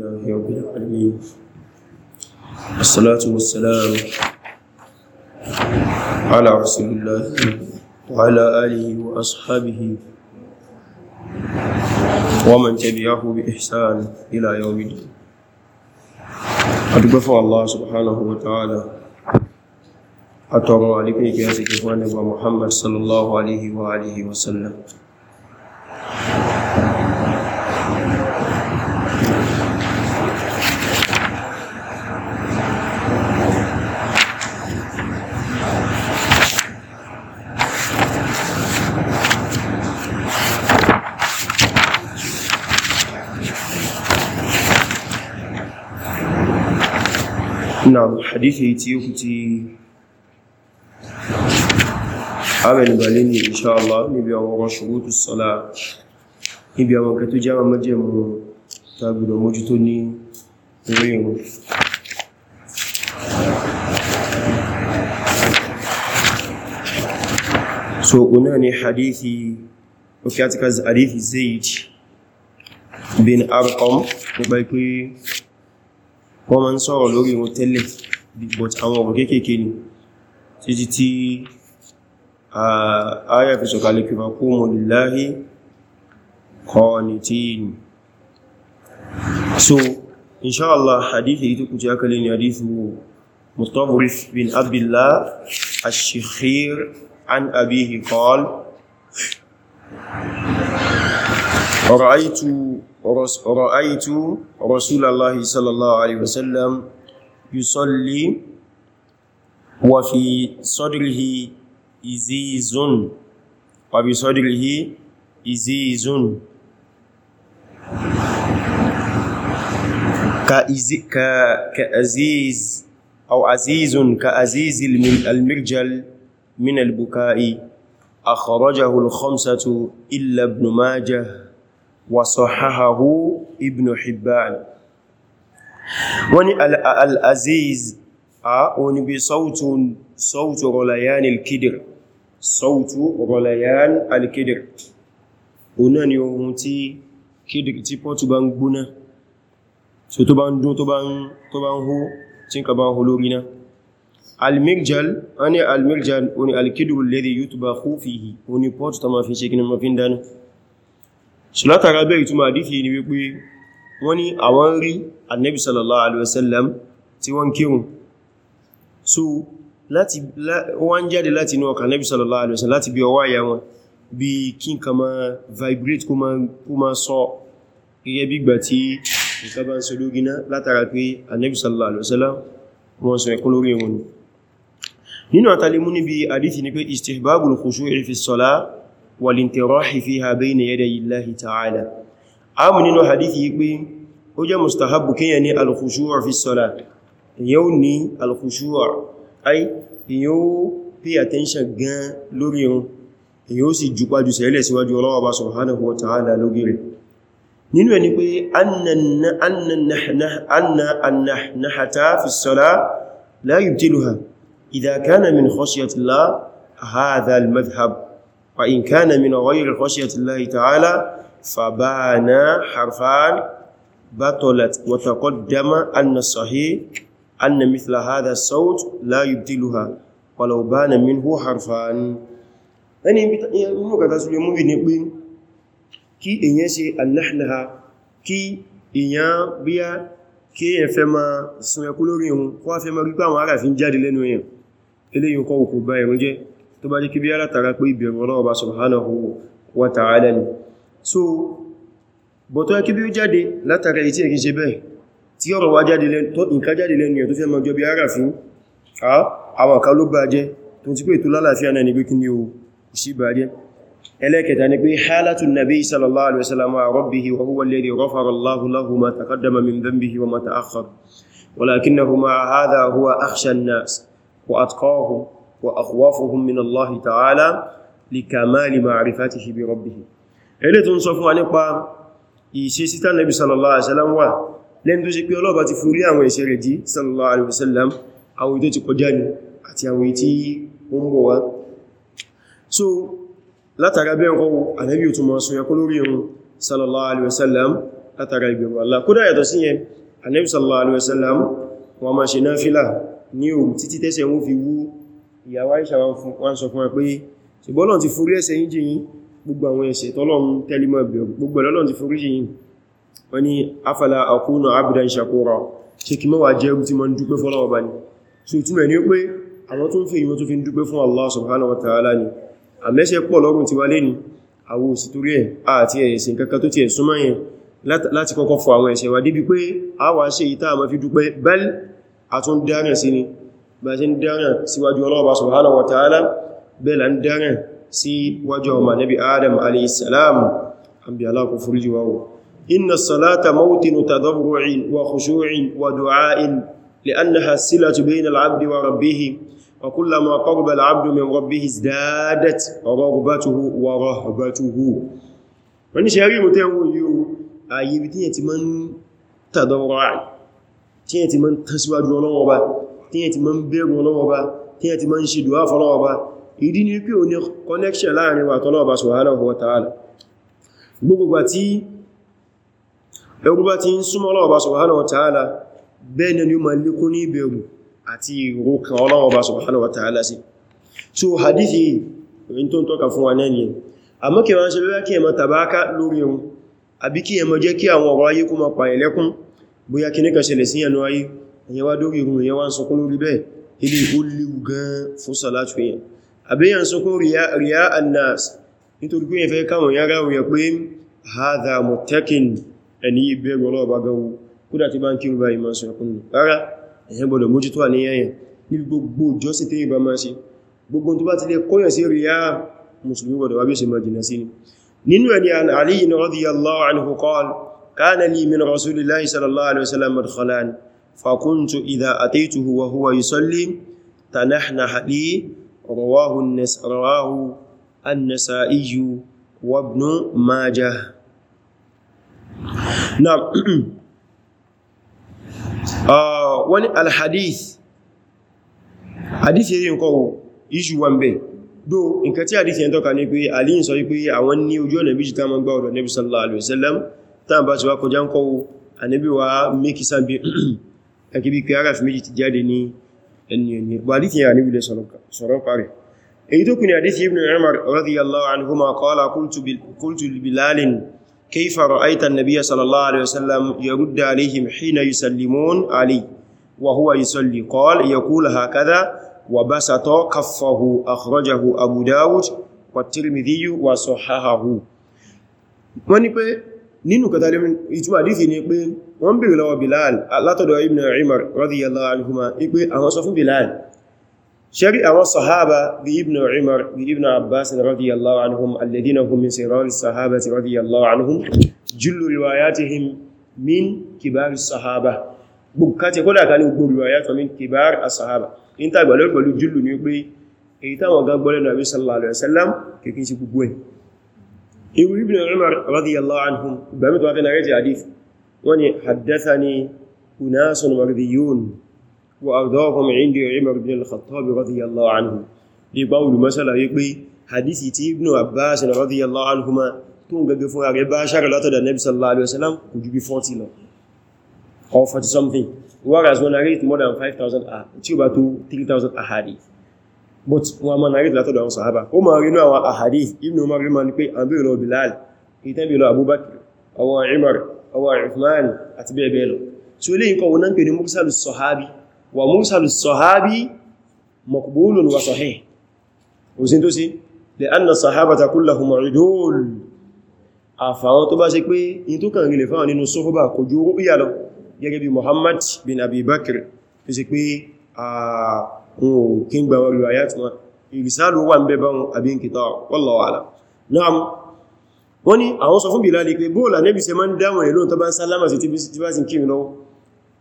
لله رب العالمين الصلاة والسلام على رسول الله وعلى آله وأصحابه ومن تبعه بإحسان إلى يوم الدين أتقفوا الله سبحانه وتعالى أتوقع عليكم كياسك إخواني محمد صلى الله عليه وآله وسلم hadithi tí ó kú tí abẹnibalé ní inṣáàlá níbi àwọn ọ̀rọ̀ ṣurutu sọ́lá níbi àwọn kẹtó jára mẹ́jẹ̀mú tàbílọ̀ mójú tó ní orí so una ni hadithi ofi àti kazi hadithi zaid bin arqam nípa ikú wọ́n ma ń sọ̀rọ̀ lórí ìrùn tẹ́lẹ̀ but àwọn ọ̀rọ̀ kéèkéèké ni títí tí ayà fi sọ̀kalẹ̀ kí faqumu lillahi qanitin so inṣáàlá hadithi yìí tó kù tí a kalẹ̀ ni hadithi mustawrif bin abdillah ash-shikhir an abihi qala رأيت رسول الله صلى الله عليه وسلم يصلي وفي صدره إزيز وفي صدره إزيز كأزيز أو عزيز كأزيز المرجل من البكاء أخرجه الخمسة إلا ابن ماجه وصححه ابن حبان wọ́n ni al-aziz a òní bí sautu rọlayan al-kidir sautu rọlayan al-kidir ọ̀nà ni ohun tí kidir tí pọ́tù bá ń gbóná so tó bá ń dún tó bá ń hó tí n ka bá ń hó lórí náà al-mirjal wọ́n ni al-mirjal òní al-kidir alladhi yutbakhu fihi òní pọ́tù ta ma fi ṣe kí wọ́n ní àwọn rí annabi sallallahu alaihi wasallam tí wọ́n kírun so láti wọ́n jáde láti inú ọkàn annabi sallallahu alaihi wasallam láti bí ọwọ́ àyà wọn bí kí nǹkan ma vibrate kó ma sọ gẹ́gẹ́ bí gbà tí nǹkan bá ń sọ lórí náà látara pé annabi sallallahu alaihi wasallam wọ́n sọ ẹ̀kún lórí wọn nínú àtàlímú níbi àdífì ní pé istihbabul khushu'i fi àmù nínú hadithi yìí pé ó jẹ́ mustahabu kíyàn ní al-khushu' fi sọ́lá ò ní al-khushu' ai èyàn pay attention gan lórí ohun èyàn ó sì jùpájú sẹ́lẹ̀ síwájú Ọlọ́hun Ọba subhanahu wa ta'ala lórí rẹ̀ nínú ẹni pé anna annahata fi sọ́lá la yubtiluha idha kana min khashyatillah hadha al-madhhab wa in kana min ghayri khashyatillah ta'ala فبانا حرفان بطلت وتقدم أن الصحيح أن مثل هذا الصوت لا يبدلها ولو بان منه حرفان ẹni mú kàtà sí lè mú rí ní pé kí èyàn ṣe annáhìnáha kí èyàn bí á kí èyàn fẹ́ ma sun lórí ohun kọ́ fẹ́ ma rí àwọn ará jáde lẹ́nu èyàn eléyìn kọ́ òkú bá ẹ̀rùn tó bá jẹ́ kí bí á pé ìbẹ̀rù Ọlọ́run Subhanahu wa ta'ala ni so bọ̀tọ́ ẹkí bí ó jáde látara ìtí èkí ṣe bẹ́ẹ̀ tí ọmọ wá jáde lẹ́nu nǹkan jáde lẹ́nu ẹ̀ tó fẹ́ mọ́ jọ bí ara fún àwọn kan ló bá jẹ́ tó ti pé ètò lálàáfíà náà ni pé kí ni o sí bá jẹ́ ẹlẹ́kẹta ni pé halatu nabi sallallahu alaihi wasallam rabbihi wa huwa alladhi ghafara Allahu lahu ma ẹlẹ́ tó ń sọ fún wa nípa ìṣe sí tánàbí sallallahu alaihi wasallam wà lẹ́ni tó ṣe pé ọlọ́ọ̀bá ti forí àwọn ẹ̀ṣẹ̀ rẹ̀ jí sallallahu ní so látara bẹ́ẹ̀ kọ́ ànábì ò tún mọ́ sun ẹkọ́ lórí ohun sallallahu alaihi wasallam látara ìbẹ̀rù Allah kódà yàtọ̀ sí yẹn ànábì sallallahu alaihi wasallam wọn máa ṣe náfílà ní òru títí tẹ́sẹ̀ wọn fi wú ìyàwó Àìṣà wọn sọ fún ẹ ṣùgbọ́n náà ti forí ẹ̀ṣẹ̀ yín jì gbogbo àwọn ẹ̀ṣẹ̀ tọ́lọ́run tẹ́límọ̀ gbogbo lọ́lọ́run ti foríjì yìí wọ́n ni afala akuna abdan shakura ṣe kí mọ́wàá jẹ́ tí mọ́ ń dúpẹ́ fún ọlọ́wọ́ bá ní so ìtumọ̀ ní pé àwọn tó ń fi ìwọ́n tó fi ń dúpẹ́ fún Allah subhanahu wa ta'ala ni àmẹ́ṣẹ́ pọ̀ lọ́rùn ti wá lé ní àwọ òsì torí ẹ̀ àti ẹ̀ṣẹ̀ kankan tó ti ẹ̀ súnmọ́ yẹn láti ń dáràn sí wájú ọmọ nabi adam alaihissalam an bí aláàkù fúrújì wáwọ̀ inna salata mawtinu tadabbu'in wa khushu'in wa du'a'in li'annaha silatu bayna al'abdi wa rabbihi wa kullama qarba al'abdu min rabbihi izdadat raghbatuhu wa rahbatuhu wani shari'i mutum yawon yiwu a yi bi tiyan ti man tadabbu'in tiyan ti man tasiwaju ọlọ́wọ́ ba tiyan ti man bẹ̀rù ọlọ́wọ́ ba tiyan ti man ṣe du'a fọlọ́wọ́ ba ìdí ni pé o ní connection láàrin wa tọ́lọ́ọ̀bá subhanahu wa ta'ala gbogbo tí ẹgbogbo bá ti ń súnmọ́ Ọlọ́run Ọba subhanahu wa ta'ala bẹ́ẹ̀ ni ó ma lékún ní ìbẹ̀rù àti ìrókan Ọlọ́run Ọba subhanahu wa ta'ala sí so hadithi rin tó ń tọ́ka fún wa náà ni àmọ́ kí wọ́n ṣe bẹ́ẹ̀ kí ẹmọ tàbáká lórí àbíyàn sókún ríyá annas nítorí pé ìfẹ́ káwọn yára wùyẹ pé haza mutakin ẹni ìbẹ̀rù ọlọ́ọ̀bá gawo kúdà tí bá ń kírù báyìí máa sọ̀rọ̀ kúnnù rárá ẹ̀yẹn gbọdọ̀ mójútó àníyàn níbi gbogbo ìjọsìn tí ìbá máa ṣe gbogbo tó bá ti lè kóyàn sí ríyá musulmi gbọdọ̀ wábí ṣe máa jìnà sí ni nínú ẹni aliyu na radiyallahu anhu qal kana li min رواه النس رواه النسائي وابن ماجه نعم آه وان الحديث حديث yìí nko issue wà ńbẹ̀ do nǹkan tí hadith yẹn tọ́ka ní pé ali ń sọ pé àwọn ní ojú ọ̀nà bí jita man gba ọ̀dọ̀ nabi sallallahu alaihi wasallam tá bá ti wá kọjá nko anabi wa make san bi akibi kí ẹni ẹni bá dìtì yà níbi lè sọ̀rọ̀ parí èyí tó kù ní àdìtì ibn umar radiyallahu anhuma qala qultu li bilalin kayfa ra'aita an-nabiyya sallallahu alaihi wasallam yaruddu alaihim hina yusallimun alayhi wa huwa yusalli qala yaqulu nínú katalin ìtumọ̀ àdífì ni pé wọ́n bèèrè lọ́wọ́ Bilal látọ̀dọ̀ Ibn Umar radiyallahu anhuma ipé àwọn sọ fún Bilal ṣẹ́rí àwọn sahaba bí Ibn Umar bí Ibn Abbas radiyallahu anhum alladhina hum min sirari sahaba radiyallahu anhum jullu riwayatihim min kibari sahaba bukati kódà kan ní gbogbo riwayatihim min kibari sahaba in ta gbàlẹ́ pẹ̀lú jullu ni pé èyí táwọn alaihi irú ibn umar radiyallahu anhum gbàmí tó wá fẹ́ na rẹ̀ jẹ́ hadith wọ́n ni haddathani unasun mardiyun wa ardahum indi umar ibn al-khattab radiyallahu anhu di gba olùmọ́sára yí pé hadisi ti ibn abbas radiyallahu anhuma tó ń gẹ́gẹ́ fún ààrẹ bá ṣára látọ̀dà nabi sallallahu alaihi wasallam kò ju 40 lọ or 40 something whereas when i read more than 5000 ah, tí ó bá tó 3000 ahadith but wọn ma nàrí látọ̀dọ̀ àwọn sàhábà ó ma rínú àwọn àhàdí Ibn Umar rí ma ní pé à ń bèèrè lọ Bilal ìtẹ́ bèèrè lọ Abubakar àwọn Umar àwọn Uthman àti bẹ́ẹ̀ lọ tí ó lè yíkọ̀ wọn pè ní mursalus sahabi wa mursalus sahabi maqbulun wọn ò kí ń gba wọ́n riwaya tí wọ́n ìrìsáàlù wà ń bẹ báwọn àbí kìtà wallahu a'lam náà wọ́n ni àwọn sọ fún Bilal pé bóòlà nẹ́bí ṣe máa ń dáwọn èlò tó bá ń sálámà sí tí bá sì kírin lọ́wọ́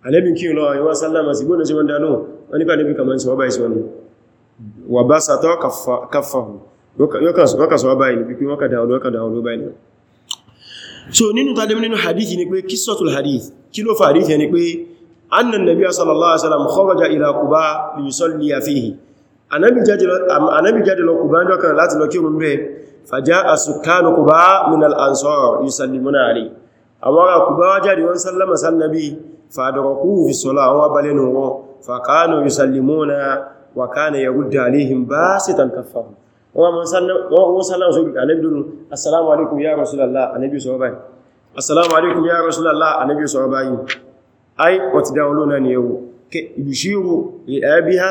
alẹ́bí kírin lọ́wọ́ àyíwá sálámà sí bóòlà ṣe máa ń dáwọn wọ́n nípa nẹ́bí kàmà sí wọ́bá ìṣẹ́ wọn wà bá sàtọ́ kàfàhù yọ́kàsọ́ wọ́bá ìní pípín wọ́kà dáwọn wọ́kà dáwọn ló báyìí so nínú tàbí nínú hadith ni pé kí sọ́tul hadith kí ló fa hadith yẹn ni pé anna nabiya sallallahu alaihi wasallam kharaja ila quba li yusalli fihi anabi jáde lọ anabi jáde lọ quba ndo kan láti lọ kírun be fajaa sukanu quba min al ansar yusallimuna alayhi awara quba jáde wọ́n sallama sannabi fadaraku fi sala wa balenu won fa kanu yusallimuna wa kana yurd alaihim basitan kaffahu wọ́n mo sallama wọ́n sallama so anabi dunu assalamu alaikum ya rasulullah anabi so bayi assalamu alaikum ya rasulullah anabi so bayi ai wọ́n ti dáwọn lónà ni ẹwù ìlúṣírò ẹ̀ẹ́bíhá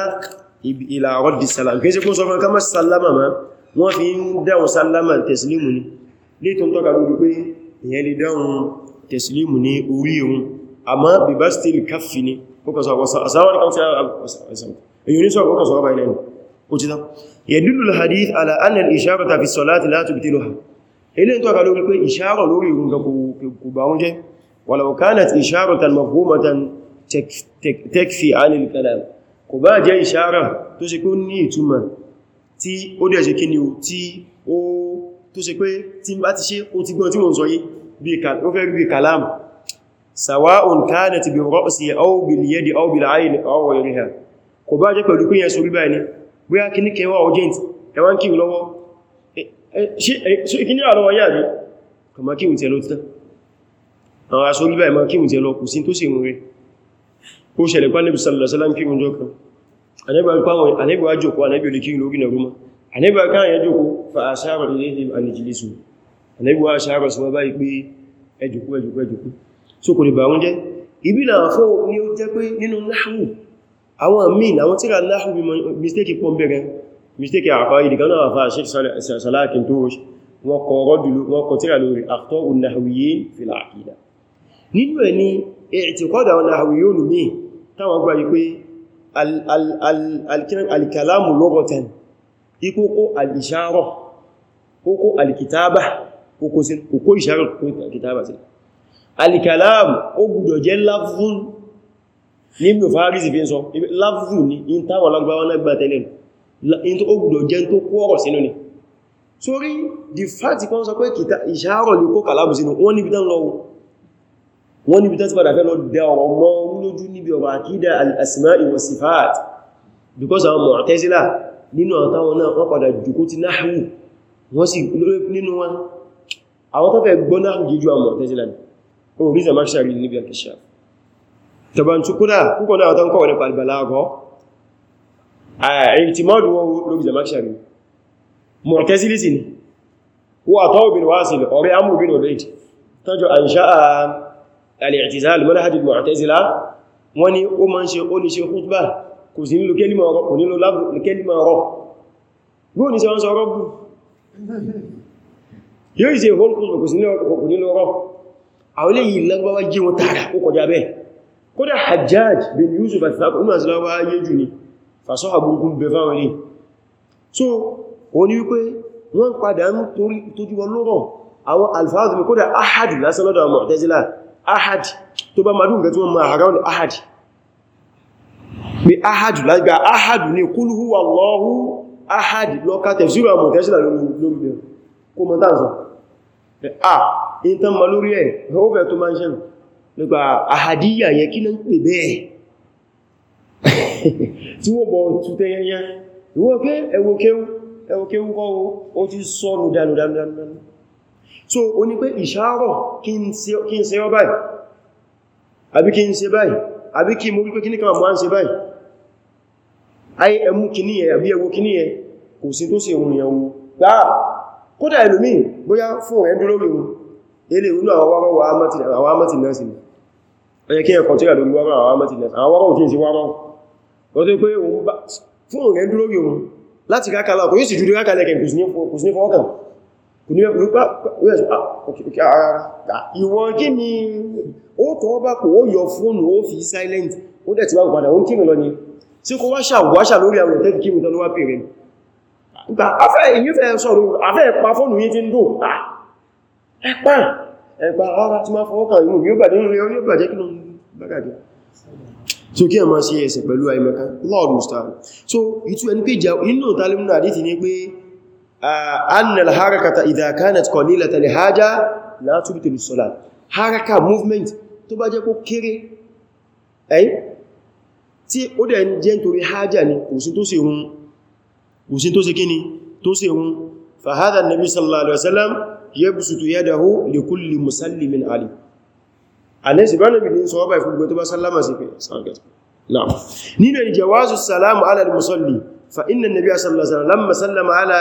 ìlà rọ́dì sàlámù kí é sí kún sọ fún ọkà mọ́ sàlámà má wọ́n fi ń dáwọn sàlámà tẹ̀sílímù ní lè tó ń tọ́ka lórí pé ìyẹn lè dáwọn tẹ̀sílímù ní orí ohun àmọ́ bíbá stíl káfí ni kọkànsọ̀ àwọn ولو كانت إشارة مفهومة تكفي عن الكلام kò bá jẹ́ ìṣára tó ṣe pé ó ní ìtumọ̀ tí ó dẹ̀ ṣe kíni o tí ó tó ṣe pé tí bá ti ṣe ó ti gbọ́n tí wọ́n sọ yí ó fẹ́ bí kalam sawa'un kanat bi ra'si aw bil yadi aw bil 'ayn aw ghayriha kò bá jẹ́ pẹ̀lú pínyẹ sórí báyìí ni bóyá kíní kẹwa urgent ẹwà ń kí lọ́wọ́ ṣe kíní àlọ́wọ́ yà bí kàmà kí ò tẹ́lótítà àwọn aṣò orí báyìí ma kí mùsẹ̀ lọ kù sí tó sì ń rí ó ṣẹlẹ̀ pa Ànábì sallallahu alaihi wasallam kí mùjọ kan Ànábì wá jòkó Ànábì olè kí lórí nàrú ma Ànábì ká yẹn jòkó fa ashara ilayhim an ijlisu Ànábì wá aṣára sí wọ́n báyìí pé ẹjòkó ẹjòkó ẹjòkó so kò lè bà wọ́n jẹ́ ibi náà fọ́ ni ó jẹ́ pé nínú náhù àwọn míìn àwọn tíra náhù mistake pọ̀ kọ̀ tíra lórí akhta'u nahwiyyin fil aqida nínú ẹ̀ ni ẹ̀tìkọ́dà ọ̀nà àwòyónù mí táwọn gbà wípé alkalamu lọ́gọ̀tẹ̀n ikókó alìṣàrọ̀ kókó alìkìtàbà kókó ìṣàrọ̀ kókó alìkìtàbà sí alìkalamu ó gbùdọ̀ jẹ́ láfún ní mú fàárísì fi ń sọ láfún ní in táwọn lágbàwọ́ lágbà tẹ́lẹ̀ ó gbùdọ̀ jẹ́ tó kó ọ̀rọ̀ sínú ni sórí the fact kan sọ pé ìṣàrọ̀ lè kó kàlábù sínú wọ́n níbi tán lọ́wọ́ wọ́n níbi tẹ́sí padà fẹ́ lọ dá ọ̀rọ̀ mọ́ lójú níbi ọ̀rọ̀ àkídà al-asma'i wa sifat because àwọn Mu'tazila nínú àtàwọn náà wọ́n padà jùkú ti nahwu wọ́n sì nínú wọn àwọn tó fẹ́ gbọ́ nahwu jíjú àwọn Mu'tazila ní ohun rí zamashari níbi àkíṣà tàbàntú kúrà púpọ̀ náà tó ń kọ́ nípa al-balagha ìtìmọ́dù wọn lórí zamashari Mu'tazili sí ni wọ́n àtọ́ obìnrin wá sí ọ̀rẹ́ amúbìnrin olóìdì tọ́jọ àìṣáà al-i'tizal manhaj al-mu'tazila wọ́n ní ó máa ń ṣe ó ní ṣe khutbah kò sí nílò kẹ́lìmọ̀ ọ̀rọ̀ kò nílò kẹ́lìmọ̀ ọ̀rọ̀ yóò ní ṣe wọ́n sọ ọ̀rọ̀ bù yóò ṣe whole khutbah kò sí nílò ọ̀rọ̀ àwọn ilé yìí lágbàwá jí wọn tààrà ó kọjá bẹ́ẹ̀ kódà Hajjaj bin Yusuf àti Thaqafi ahad tó bá madú nǹkan tí wọ́n ma àráun ahad pé ahad lágbà ahad ní kúlù huwa Allahu ahad lọ́ka tẹ̀síwà mọ̀ tẹ́sílà lórí bẹ̀rẹ̀ kó mọ̀ tàà sọ a in tán ma lórí ẹ̀ ọ̀fẹ́ tó máa ń ṣẹ́nu nípa ahadíyà yẹ kí náà ń pè bẹ́ẹ̀ tí wọ́n bọ̀ tútẹ́ yẹnyẹn ìwọ́n kéwú ẹwọ́ kéwú kọ́ so o ní pé ìṣàárọ̀ kí n ṣe ọ báyìí àbí kí n ṣe báyìí àbí kí mo wípé kí ní kan mọ́ ṣe báyìí ayé ẹmú kìíní ẹ àbí ẹwọ kìíní ẹ kò sí tó ṣe ohun ìyàwó gbáà kódà ẹlòmí bóyá fún ẹ̀ dúró wíwú ilé ìwúlò àwọn amátì náà sí ni ẹyẹ kí ẹkọ̀ tí ó lórí wárọ̀ àwọn amátì náà àwọn wárọ̀ kí n sí wárọ̀ wọ́n tó pé fún ẹ̀ ìwọ̀n kí ni ó tọ́ bá kò ó yọ fóònù ó fi silent ó dẹ̀ ti wá padà ó ń kírùn lọ ni tí kó wáṣà wáṣà lórí àwọn ìtẹ́kì kírùn tọ́lọ́wà pèrè nígbà afẹ́ èyí fẹ́ sọ̀rọ̀ afẹ́ ẹ̀pa fóònù yí ti ń dò ah, ẹ̀pa ẹ̀pa ara ti máa fọwọ́kàn inú yóò bàjẹ́ nínú yóò bàjẹ́ kí lọ bàgàdì tí ó kí ẹ̀mọ́ sí ẹsẹ̀ pẹ̀lú àìmọ̀kan lord mustard so ìtú ẹni pé ìjà inú tàlímù náà dìtì ní pé أن الحركة إذا كانت قليلة لحاجة لا تبطل الصلاة حركة movement tó bá jẹ́ kó kéré ẹ̀yí tí ó dẹ̀ ń jẹ́ nítorí hajjá ni kò sí tó ṣe hun kò sí tó ṣe kíni tó ṣe hun fàhádà nàbí sallallahu alaihi wasallam yabsutu yadahu li kulli musallimin ali anẹ́sì bá nàbí ní sọ́ọ́bà ìfúgbẹ́ tó bá sallama sí pé sàgẹ́sì náà nínú ìjẹwázù salamu ala al-musalli fa inna nabiy sallallahu alaihi wasallam lamma sallama ala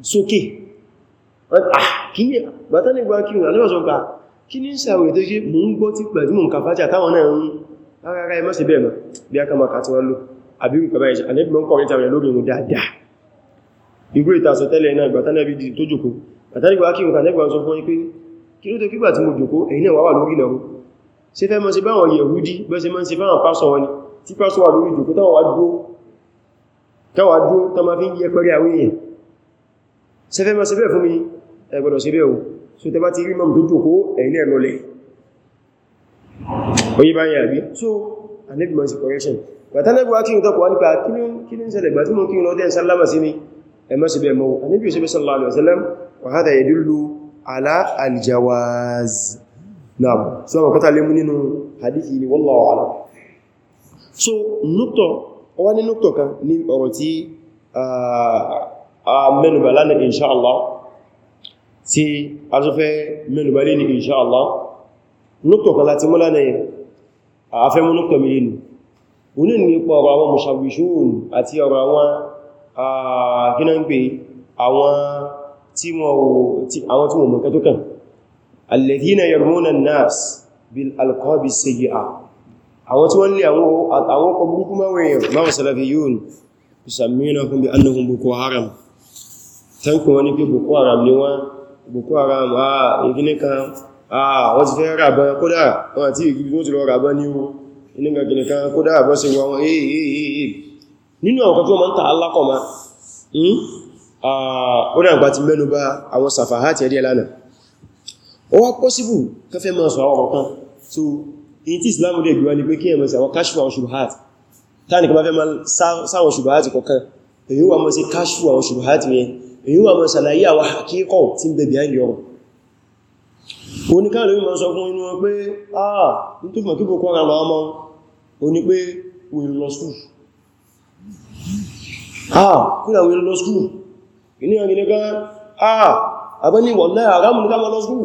sókè bátánìgbà ah, kí o alẹ́wọ̀sọ̀gbà kí ní ah, sàwẹ̀ tó ṣe mú ń gbọ́ tí pẹ̀lú mú kàfàtà táwọn náà ń rárá ẹ mọ́sí bẹ́ẹ̀ mọ́ bí a kàmà kàtí wọ́n lò àbírí kàbá ìṣẹ́ alẹ́bìmọ́ kọrin tàbí lórí mú dáadáa igbó ìtàsọ tẹ́lẹ̀ náà gbàtánẹ́bí di tó jòkó bátánìgbà kí o kàtẹ́gbà sọ fún pé kí ló tó kígbà tí mo jòkó ẹ̀yin náà wà lórí náà ṣe fẹ́ mọ́ sí báwọn yẹ̀húdí bọ́ sí mọ́ sí báwọn pásọ wọn tí pásọ wà lórí jòkó táwọn wá dúó táwọn wá dúó tó ma fi ń yẹ pẹ́rẹ́ àwọn èèyàn sẹfẹ́ ma sẹfẹ́ fún mi ẹgbọ́dọ̀ sí bẹ́ o so tẹ bá ti rí mọ́m tó jòkó ẹ̀yìn ẹ̀ lọlẹ̀ oye bá ń yàrí so anẹ́bì mọ́ sí correction gbàtánẹ́bì wá kí n tọ́kọ̀ wá nípa kí ní ṣẹlẹ̀ gbà tí mo kí n lọ́dẹ́ sálámà sí mi ẹmọ́ sí bẹ́ mọ́ anẹ́bì yóò sallallahu alaihi wasallam wa hada yadullu ala aljawaz a mẹ́nubà lánàá inṣáàlá tí a tó fẹ́ mẹ́nubà lé ní inṣáàlá núkọ̀ kan láti mú lánàá yẹn a fẹ́ mú núkọ̀ mìí nù oní ní pọ̀ ọ̀rọ̀ àwọn mùsàwìṣún àti ọ̀rọ̀ àwọn gínàgbé àwọn tí wọ́n mọ̀ kẹtọ́kàn alladhina yarmuna an bi annahum boko haram tẹ́kùn wọn ní pé boko haram ní wọ́n boko haram àà ìgínẹ́ kan àà wọ́n ti fẹ́ ràbọn kódà wọ́n àti ìgbìbí wọ́n ti lọ ràbọn ní o inúgbàgínẹ́ kan kódà bọ́ sí wọn èèyàn nínú àwọn kan tó ma ń ta alákọ̀ọ́má ó dà gbà ti mẹ́nu so in ti ni pé kí ẹmọ̀ sí àwọn káṣù àwọn ṣubuhat táà ní kí wọ́n fẹ́ mọ́ sáwọn ṣubuhat kọ̀kan èyí wà èyí wà mọ̀ sàlàyé àwọn àkíkọ̀ tí ń bẹ̀bẹ̀ ayọ̀ oníkàlù yíò sọ fún inú wọn pé ah ní tó fún kíbò kọ́ra àwọn ọmọ o ní pé we lọ school ah kúrò we lọ school ilé ọ̀rìn ní kan wọ́n ah, lọ school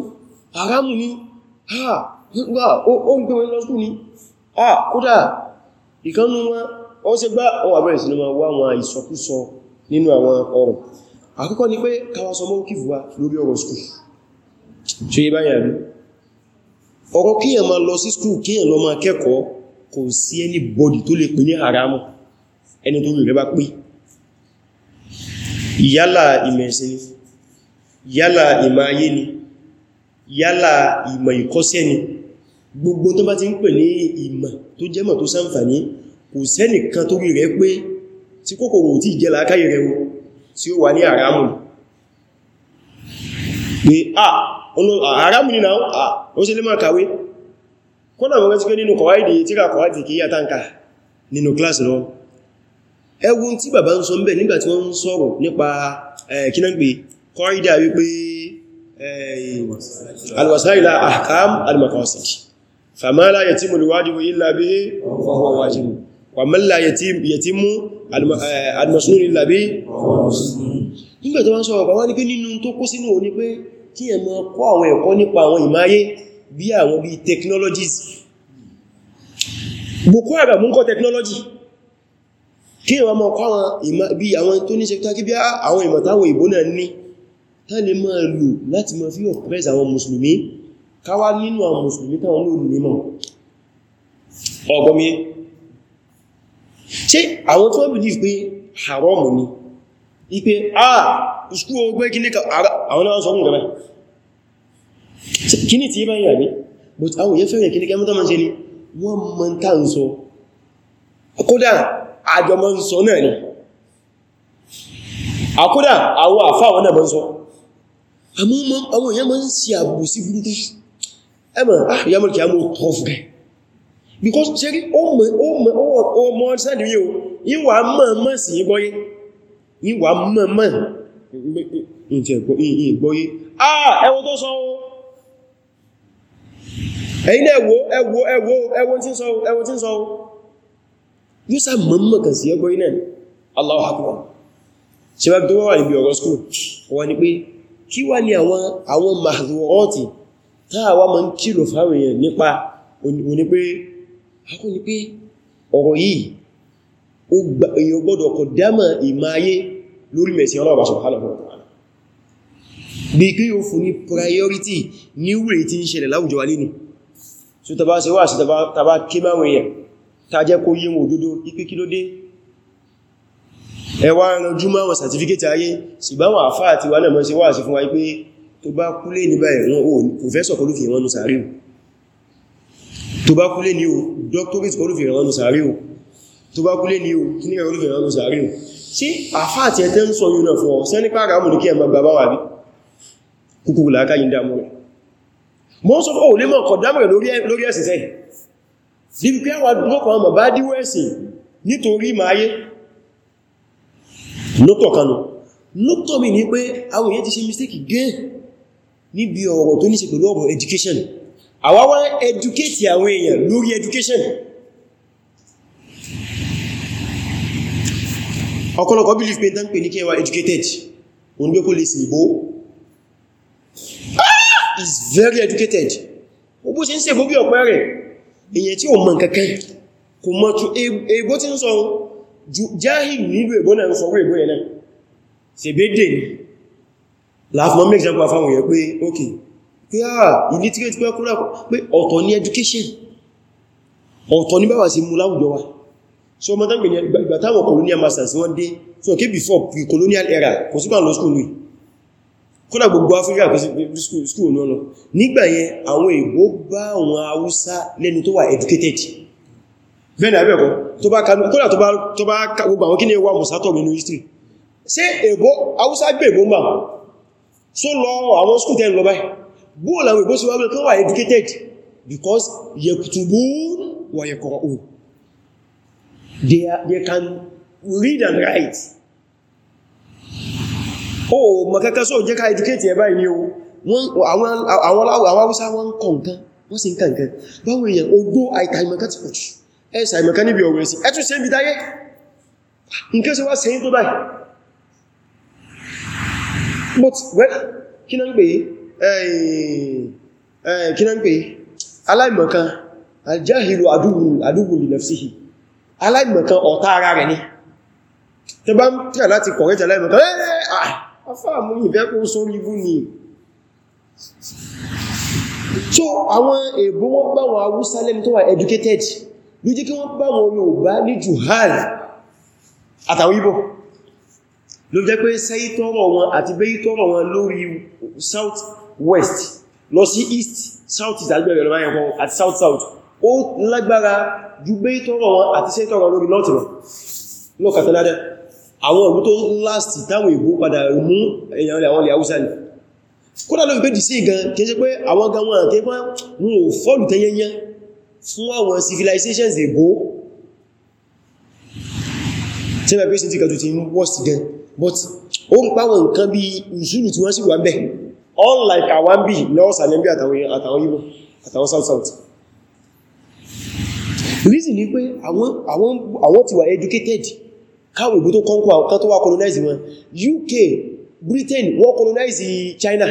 ah, ó ah, ṣe gbá ọwà bẹ̀rẹ̀ sí ni wọ́n wá nínú àwọn ọ̀rọ̀ àkọ́kọ́ ni pé káwà sọ mọ́kífù wa lórí ọ̀rọ̀ skúl ṣe yí báyà rí ọ̀rọ̀ kíyàn ma lọ sí skúl kíyàn lọ ma kẹ́kọ̀ọ́ kò sí ẹni bọ́dì tó lè pè ní haramu ẹni tó rẹ̀ bá pé yálà ìmẹ̀ẹ̀sìn ni yálà ìmọ̀ ayé ni yálà ìmọ̀ ìkọ́sẹ́ ni gbogbo tó bá ti ń pè ní ìmọ̀ tó jẹ́mọ̀ tó ṣàǹfààní kò sẹ́nìkan tó rí rẹ̀ pé tí kòkòrò tí ìjẹ́ làákàyè rẹ̀ wọ́n tí ó wà ní àrámù pé à àrámù nínú àwọn ó ṣe lè máa kàwé kọ́nà àwọn ọ̀rẹ́sí pé nínú kọ̀wáìdì tíra kọ̀wáìdì kìí àtànkà nínú kíláàsì lọ ẹwùn tí bàbá ń sọ ń bẹ̀ nígbà tí wọ́n ń sọ̀rọ̀ nípa kínàgbé kọ́rídà wípé alwasaila ahkam almaqasid famala yatimul wajibu illa bihi wa huwa wajib wa man la yatim yatimu Eh, almasnun illa bi nígbà tó wọ́n sọ ọ̀pá wọ́n ní pé nínú tó kó sínú òní pé kí ẹ mọ́ kọ́ àwọn ẹ̀kọ́ nípa àwọn ìmáyé bí àwọn bí technologies bùkọ́ àgbà mú kọ́ technology kí ẹ mọ́ kọ́ àwọn bí àwọn tó ní ṣekútà kí bí àwọn ìmọ̀táwọn ìbò náà ní tán lè máa lò láti máa fi oppress àwọn mùsùlùmí káwá nínú àwọn mùsùlùmí táwọn olóòrùn mímọ̀ ọgbọ́mí ṣe àwọn tí wọ́n believe pé haram ni ipé ah ìṣkú ogbé kíní àwọn náà sọ fún gẹ̀rẹ̀ kíní tí bá ń yà ní but àwọn yẹ́ fẹ́rẹ̀ kíní kẹ́mọ́tọ́ ma ṣe ni wọ́n mọ́ ń tà ń sọ kódà àjọ mọ́ ń sọ náà ni àkódà àwọn àfá àwọn náà mọ́ ń sọ àwọn èèyàn mọ́ ń sí àbòsí burúkú ẹmọ̀ àyàmọ̀ kìí àmọ́ tọ́fù because ṣe rí ó mọ̀ ọmọ ọ̀sán yíò ìwà mọ̀mọ̀ sí ìgbọ́yé ìwà mọ̀mọ̀ ìgbọ́yé ah ẹwọ tó sọ ohun ẹ̀yìn ẹwọ ẹwọ ẹwọ ẹwọ tí ń sọ ohun ẹwọ sá mọ̀mọ̀ kà sí ẹgbọ́yé náà Allahu akbar ṣe bá àwọn ni pé ọ̀rọ̀ yìí èyàn gbọ́dọ̀ kọ̀ dámà ìmáyé lórí mẹ̀sìn ọlọ́ọ̀bá subhanahu wa ta'ala bí kí o fún ní priority ní wùrẹ̀ tí ń ṣẹlẹ̀ láwùjọ wa nínú so tàbá ṣe wà sí tàbá kí máa wèèyàn ta jẹ́ kó yíwọ̀n òdodo ipé kí ló dé ẹwà wa pé tó bá kúlé ní báyìí wọn ò fẹ́sọ̀ kọlùfì wọn nù sàárì tó ní o doctorate kọ́ ló fi ìrànlọ́nù sàárè o tó bá kúlé ní o kí ní ẹ̀rọ ló fi ìrànlọ́nù sàárè o sí àfá àti ẹ̀tẹ́ ń sọ yìí náà fún ọ sẹ́ nípa ara mú ní kí ẹmọ bàbá wà bí kúkúrú láàká yìí dámú rẹ̀ mọ́ sọ fún òlé mọ́ kọ̀dámù rẹ̀ lórí ẹ̀sìn sẹ́ níbi pé àwọn àdúgbọ́kọ̀ ọmọ bá díwọ́ ẹ̀sìn nítorí máyé lótọ̀ kanu lótọ̀ mi ní pé àwọn èèyàn ti ṣe mistake gẹ́ níbi ọ̀rọ̀ tó ní ṣe pẹ̀lú ọ̀rọ̀ education àwa wá educate àwọn èèyàn lórí education ọ̀pọ̀lọpọ̀ believe pé tán pè ní kẹwàá educated òun gbé kó lè sí ìbò ah! is very educated o bó ṣe ń ṣe bó bí ọ̀pẹ́ rẹ̀ èyàn tí ó mọ̀ kankan kò mọ̀ tún ègbó tí ń sọ jahil nílùú ègbó náà ń sọ orí ègbó yẹn náà ṣe bédè ní láàfin mọ́ mẹ́gbẹ̀ẹ́ pé àà illiterate pé ọkùnrin àkọ́ pé ọ̀tọ̀ ní education ọ̀tọ̀ ní báwà sí mú láwùjọ wa so ọmọ tán gbìyànjú ìgbà táwọn colonial masters wọ́n dé so okay before pre-colonial era kò sí pàlọ school rí kódà gbogbo Africa kò sí school náà lọ nígbà yẹn àwọn èèbó bá àwọn Haúsá lẹ́nu tó wà educated bẹ́ẹ̀ni abẹ́ẹ̀kọ́ tó bá kanú kódà tó bá gbogbo àwọn kí ní wà mọ̀sátọ̀ nínú history ṣé èèbó Haúsá gbé èèbó mbà so lọ àwọn school tẹ́ lọ báyìí bóò làwọn ìbó síwáwí kan wà educated because yẹkùtùbú wà yẹkùrọ̀ún they, are, they can read and write oh, o makaka so jẹ́ ká educate ẹ báyìí ni o àwọn awúsá wọn kọ̀ǹkan wọ́n sì ń kàǹkan báwọn èèyàn ogbó àìtàìmọ̀ká ti pọ̀ jù ẹ̀sà ìmọ̀ká níbi ọ̀rọ̀ ẹ̀sìn ẹ̀tún sí ẹ̀bí dáyé nǹkan sí wá sẹ́yìn tó báyìí but well kí náà ń pè é kí náà ń pè aláìmọ̀kan aljahilu adúgbù li nafsihi aláìmọ̀kan ọ̀tá ara rẹ̀ ni tẹ bá ń tíra láti kọ̀rẹ́tì aláìmọ̀kan afáàmù ìfẹ́ kó sórí ibú ni so àwọn èbó wọ́n bá wọn Haúsá lẹ́ni tó wà educated ló jẹ́ kí wọ́n bá wọn Yorùbá ní juhal àtàwọn Ìgbò ló jẹ́ pé sẹ́yí tọ́rọ̀ wọn àti bẹ́yí tọ́rọ̀ wọn lórí south west lọ sí east south east àgbẹ̀rẹ̀ lọ báyẹ̀ àti south south ó lágbára ju gbé tọrọ wọn àti sẹ́ tọrọ lórí north lọ lọ kàtàládẹ́ àwọn ìlú tó last táwọn ìbò padà mú èèyàn ilẹ̀ àwọn ilẹ̀ haúsá ni kódà lórí pé dìsí gan kìí ṣe pé àwọn gan wọn àti ẹgbẹ́ wọn ò fọ́lù tẹ́yẹnyẹ fún àwọn civilizations ìbò tí wọ́n pèsè ti kàtù ti ń worst gan but ó ń pàwọn nǹkan bí ìṣúlù tí wọ́n sì wà ń unlike àwọn bí lọ́wọ́ sàlẹ́bí àtàwọn yíbo àtàwọn south south reason ni pé àwọn ti wà educated káwọn ìbú tó kọ́nkọ́ àwọn kan tó wà colonize wọn UK Britain wọ́n colonize China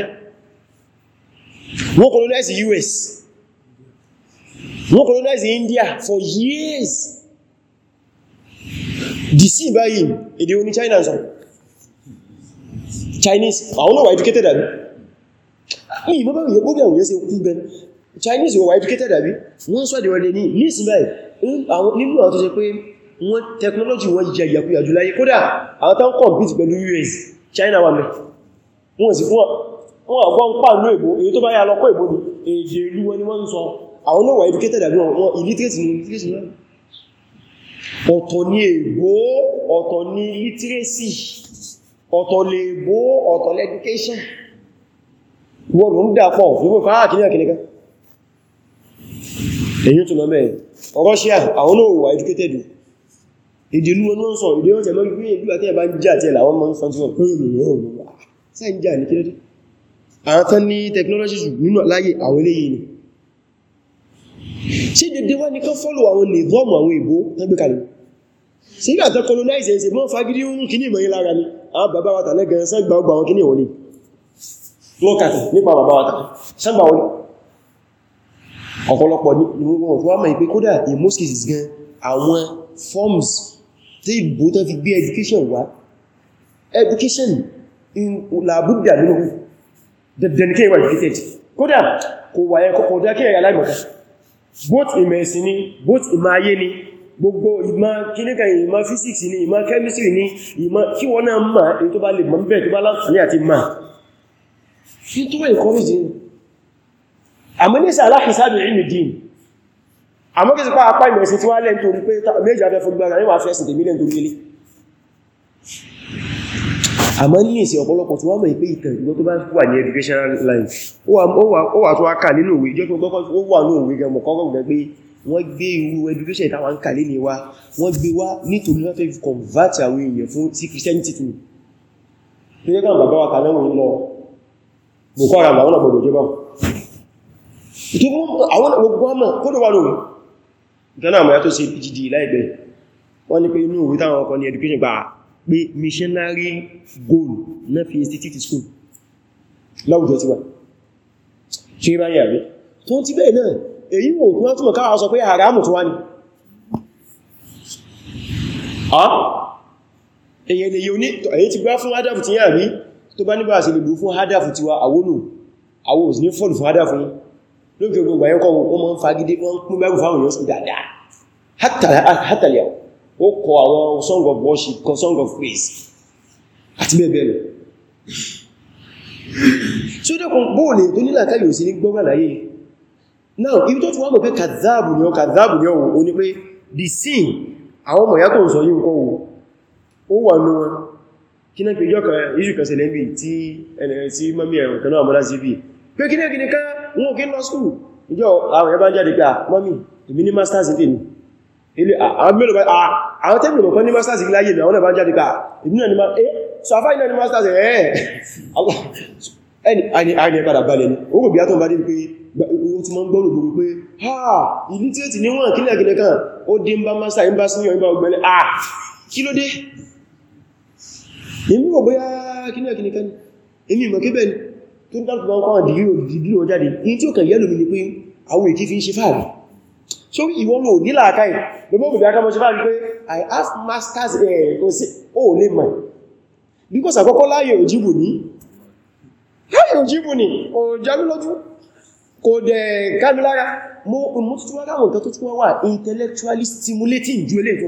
wọ́n colonize US wọ́n colonize India for years dìsí báyìí èdè oní China sọ Chinese àwọn náà wà educated àbí ní ìmọ́bá òyìn gbogbo àwọn yẹn ṣe kú Chinese were educated àbí wọ́n sọ èdè wọlé ní ìsinmi nínú àwọn tó ṣe pé wọ́n technology wọ́n jẹ ìyàkúyà jù láyé kódà àwọn tán compete pẹ̀lú US China wà mẹ́ ọ̀tọ̀ lè èbó ọ̀tọ̀ wọ́n ló ń dà fọ́ fúnfún fún àkíníyàn kìníkà èyí tó lọ mẹ́rin Russia àwọn náà wà educated ìdílú wọn wọ́n sọ ìdílú ọ̀tẹ̀ mọ́rin pín ìlú àtẹ́ẹ̀bá ń jà tẹ́lá wọ́n mọ́n sọ́n tí wọ́n pín ìlú ọ̀rọ̀ sẹ́ ń jà ní kílódé àwọn tán ní ni ṣe dédé wá ní kán fọ́lù àwọn nìvọ́mù àwọn ìbò tán gbé kalẹ̀ sí ìgbà tán colonize ẹ̀sẹ̀ mọ́ fagídí oòrùn kìíní ìmọ̀ yìí ni àwọn bàbá wa tàlẹ́gẹ̀ẹ́sẹ́ ọgbà àwọn kìíní ìwọ̀n ni lókàtà nípa bàbá wa sábà wọn ọ̀pọ̀lọpọ̀ ní wọ́n tó wá mọ̀ ìpé kódà in most cases gan àwọn forms tí ìbò tán fi gbé education wá education in làbúdà nínú dẹ̀dẹ̀nikẹ́ ìwà educated kódà kò wà ẹ kọ́kọ́ dákẹ́ ẹ̀yà aláìmọ̀ta both ìmọ̀ ẹ̀sìn ni both ìmọ̀ ayé ni gbogbo ìmọ̀ kíníkà ìmọ̀ physics ni ìmọ̀ chemistry ni ìmọ̀ kí wọ́n náà mọ̀ èyí tó bá lè mọ̀ bẹ́ẹ̀ tó bá láǹfààní àti mọ̀ shi túnmọ̀ encourage ni àmọ́ ní sàlá hisabi ilmi din àmọ́ kí sí pa apá ìmọ̀ ìsìn tí wá lẹ́n tó rí pé méjì afẹ́ fún gbára níwà fẹ́ sìnkè mílẹ̀ tó gílé àmọ́ ní ìsìn ọ̀pọ̀lọpọ̀ tí wọ́n mọ̀ ìpé ìtàn ìgbọ́ tó bá wà ní educational line ó wà tó wá kà nínú òwe ìjọ́ tó gbọ́kọ́ ó wà ní òwe gẹmọ̀ kọ́kọ́ gbẹ́ pé wọ́n gbé irú education ìtawà ń kà lé ní wa wọ́n gbé wá nítorí fẹ́ sí Christianity tó yẹ kàn bùkọ́ra àwọn ọ̀gbọ̀dọ̀ jẹ́ báwọn ìtí àwọn ogun ọmọ kódò wà lóòrùn gánà àmà yàtọ̀ sí pgd láìpẹ́ wọ́n ní pé inú ìwé missionary goal náà fi institute school láwùjọ ti wà ṣe bá yà rí tó ti bẹ́ẹ̀ náà èyí wò tó túnmọ̀ káwà sọ pé haramu tó wá ní èyí ti gbá fún adam ti yà rí tó bá nígbà sí lùlù fún hádàfù tiwa àwónù àwòs ní fọ́nù fún hádàfù lókè gbogbo àyẹ́kọ́ wọ́n ma ń fagídé wọ́n pín bẹ́rù fáwọn yóò dáadáa hátàlẹ̀ ó kọ àwọn song of worship song of praise àti bẹ́ẹ̀ lọ tí ó dẹ́kun bóòlè tó nílà káyò sí ní gbọ́gbà láyé now ibi tó ti wọ́n mọ̀ pé kàzáàbù ni ọ kàzáàbù ni ọwọ́ o ní pé the sin àwọn mọ̀yá tó ń sọ yí nǹkan ó wà ní wọn kí náà pèjọ́ kan iṣù kan sílẹ̀ bí tí ẹnìyàn tí mọ́mí ẹ̀rùn kan náà mọ́lá sí bí pé kí náà gínìká wọn kí lọ skúù ìjọ àwọn ẹbá jáde pé mọ́mí èmi ní masters ilé ni ilé àwọn tẹ́bìlì mọ̀kan ní masters ilé ayé àwọn ẹbá jáde pé èmi náà ni ma ẹ́ sọ afá iná ni masters eh. ẹ̀ ni ó kò bí átọ́ bá dé pé owó tí ha ìlú tí ó ti níwọ̀n kílẹ̀ kílẹ̀ kan ó master ń bá ah kí ló èmi ò bóyá kíní ẹ̀kíní kan èmi ìmọ̀ kébẹ̀ ni tó ń dárùkù wọn kọ́wàá dìgírò dìgírò jáde ní tí ó kàn yẹ́lò mi ni pé so ìwọ lò ní làákàí gbogbo òbí akámọ́ ṣe fàárí pé i ask masters ẹ̀ eh, kò sí ó lè mọ̀ because àkọ́kọ́ láyé òjìbù ní láyé òjìbù ní kò já mi lójú kò dẹ̀ ká mi lára mo mú tuntun wá káwọn nǹkan tó tún wà intellectually stimulating ju eléyìí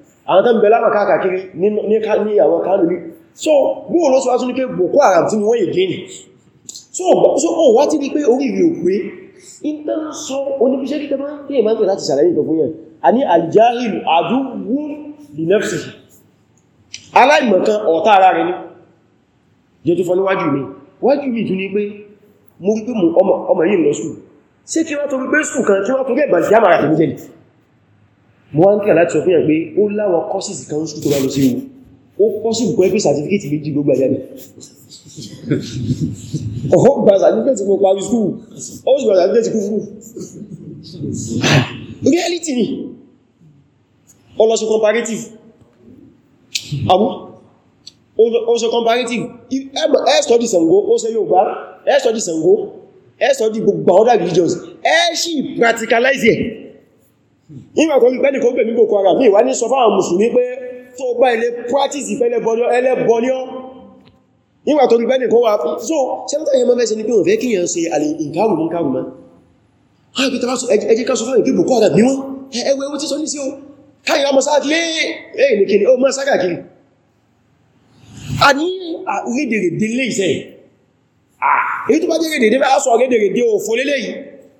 àwọn tó ń bẹ láwọn káàkiri ní àwọn kánúlì so gbóò ló sọ́wọ́sún ní pé Boko Haram tí wọ́n yìí gẹ́ni so o wá ti rí pé orí rí ò pé in tó ń sọ oníbíṣẹ́ kí tẹ́mọ́ ní ìmá pẹ̀ láti sàlẹ̀ ìtọ̀ fún yẹn a ní aljahilu aduwwun li nafsihi aláìmọ̀kan ọ̀tá ara rẹ̀ ní jẹ́ tó fọ́ níwájú mi wájú mi tún ní pé mo rí pé ọmọ yìí lọ skùl sí kí wá torí pé skùl kan kí wá torí ẹ̀bà sí àmàrà tẹ̀mí jẹ́ mo wá ń kíkà láti sọ fún yàn pé ó láwọn kọ́sìsì kan ṣúkú tó bá lọ sí ewu ó kọ́sìsì kọ́ ẹgbẹ́ sàtífíkẹ́tì méjì gbogbo àjáde ọ̀họ́ gba sàtífíkẹ́tì mo parí skúù ó sì gba sàtífíkẹ́tì kúfúrú reality ni ó lọ sí comparative àbú ó sọ comparative ẹ study Ṣàngó ó sẹ Yorùbá ẹ study Ṣàngó ẹ study gbogbo other religions ẹ sì practicalize it ìwà kan pẹ́ nìkan pè ní boko haram ní ìwà ní sọ fáwọn mùsùlùmí pé tó bá ilé practice ìfẹ́ ẹlẹ́bọníọ́ ìwà tó pẹ́ nìkan wà fún so sẹ́mítà yẹn mọ́fẹ́ sí ní pé òun fẹ́ kí yẹn ṣe alẹ́ ìkàrù ní kàrù má ẹjẹ́ ká sọ fáwọn ìpé boko haram ní wọ́n ẹwẹ́ ó ti sọ ní sí o káyìí ọmọ sáà kiri ẹ̀yìn ní kiri ó mọ́ sáà kiri a ní àrídèrèdè lè iṣẹ́ ah, èyí tó bá dèrèdè bá sọ àrídèrèdè òfò lélẹ́yìí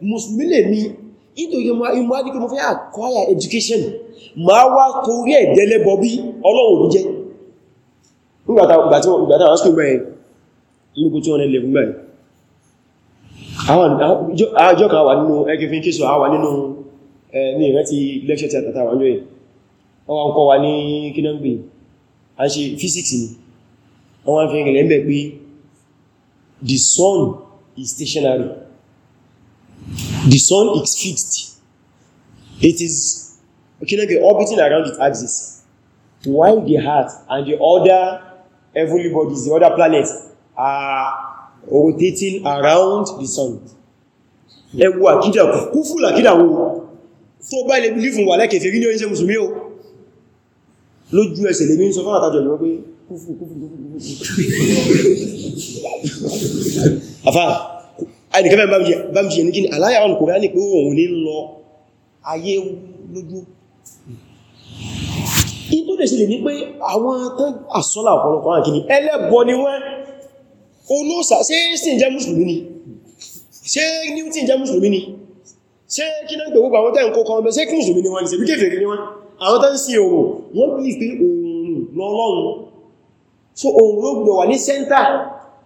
mùsùlùmí lè mi nítorí mo adìkú mo fẹ́ acquire education ma wá torí ẹ̀dẹ́lẹ́ bọ̀bí ọlọ́run ní jẹ́ nígbàtà wọ́n skùn bẹ́ẹ̀ nígbò tí wọ́n lè fún bẹ́ẹ̀ àjọ́ kan wà nínú ẹgbẹ̀fin kíso àwà nínú ní ìrẹ́tí lecture tí àtàtà wà jọ́yìn ọwà ń kọ́ wa ní kínàmbì a ṣe physics ni wọ́n wá fi rìnlẹ̀ mẹ́ pé the sun is stationary The sun is fixed. It is okay, like orbiting around its axis. While the heart and the other heavenly bodies, the other planets, are rotating around the sun. Ẹwọ àkídà kú fún àkídà wọn. Tó bá ilé bílí fún wà lẹ́kẹ̀ fèrí ní oúnjẹ Mùsùlùmí o. Lójú ẹsẹ̀ lè mí sọ fún àtàjọ̀ ìwọ́n pé kúfù kúfù kúfù kúfù. Àfáà, ẹnìkẹfẹ́ bámjì ẹni kí ni aláyà ọ̀nà kò rání pé òun ní lọ ayé lójú in tó lè ṣe lè ní pé àwọn tán àsọ́là ọ̀pọ̀lọpọ̀ àwọn kìíní ẹlẹ́bọ ni wọ́n olóòsà ṣe sí ìjẹ́ mùsùlùmí ni ṣe ní tí ìjẹ́ mùsùlùmí ni ṣe kí náà gbogbo àwọn tẹ́ ǹkọ́ kan ni wọ́n ni ṣe bí kéfèé ni wọ́n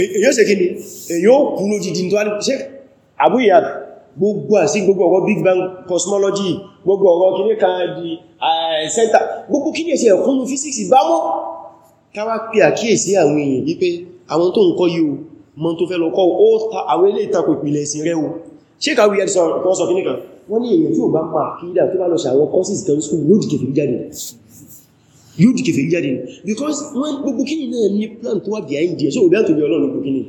èyàn ṣe kí ni èyàn kú ló jìdí tó ṣe àbúyà gbogbo àti gbogbo ọ̀rọ̀ big bang cosmology gbogbo ọ̀rọ̀ kí ní kan di center gbogbo kí ní ẹ̀ṣẹ̀ ẹ̀kúnnú physics bá mọ́ káwà pí àkíyèsí àwọn èèyàn wípé àwọn tó ń kọ́ yíò mọ́ tó fẹ́ lọ kọ́ ó ta àwọn ilé ìtakò ìpìlẹ̀ ẹ̀sìn rẹ̀ o ṣe kàwí ẹ̀sọ̀ kan sọ kí ní kan wọ́n ní èèyàn tí ò bá pa àkídà tó bá lọ ṣàwọn courses kan school lódìkẹ̀ fi jáde yóò dìkè jáde because wọ́n gbogbo ni náà ní plan tó wà behind there so òbí àtòbí ọlọ́run gbogbo kíni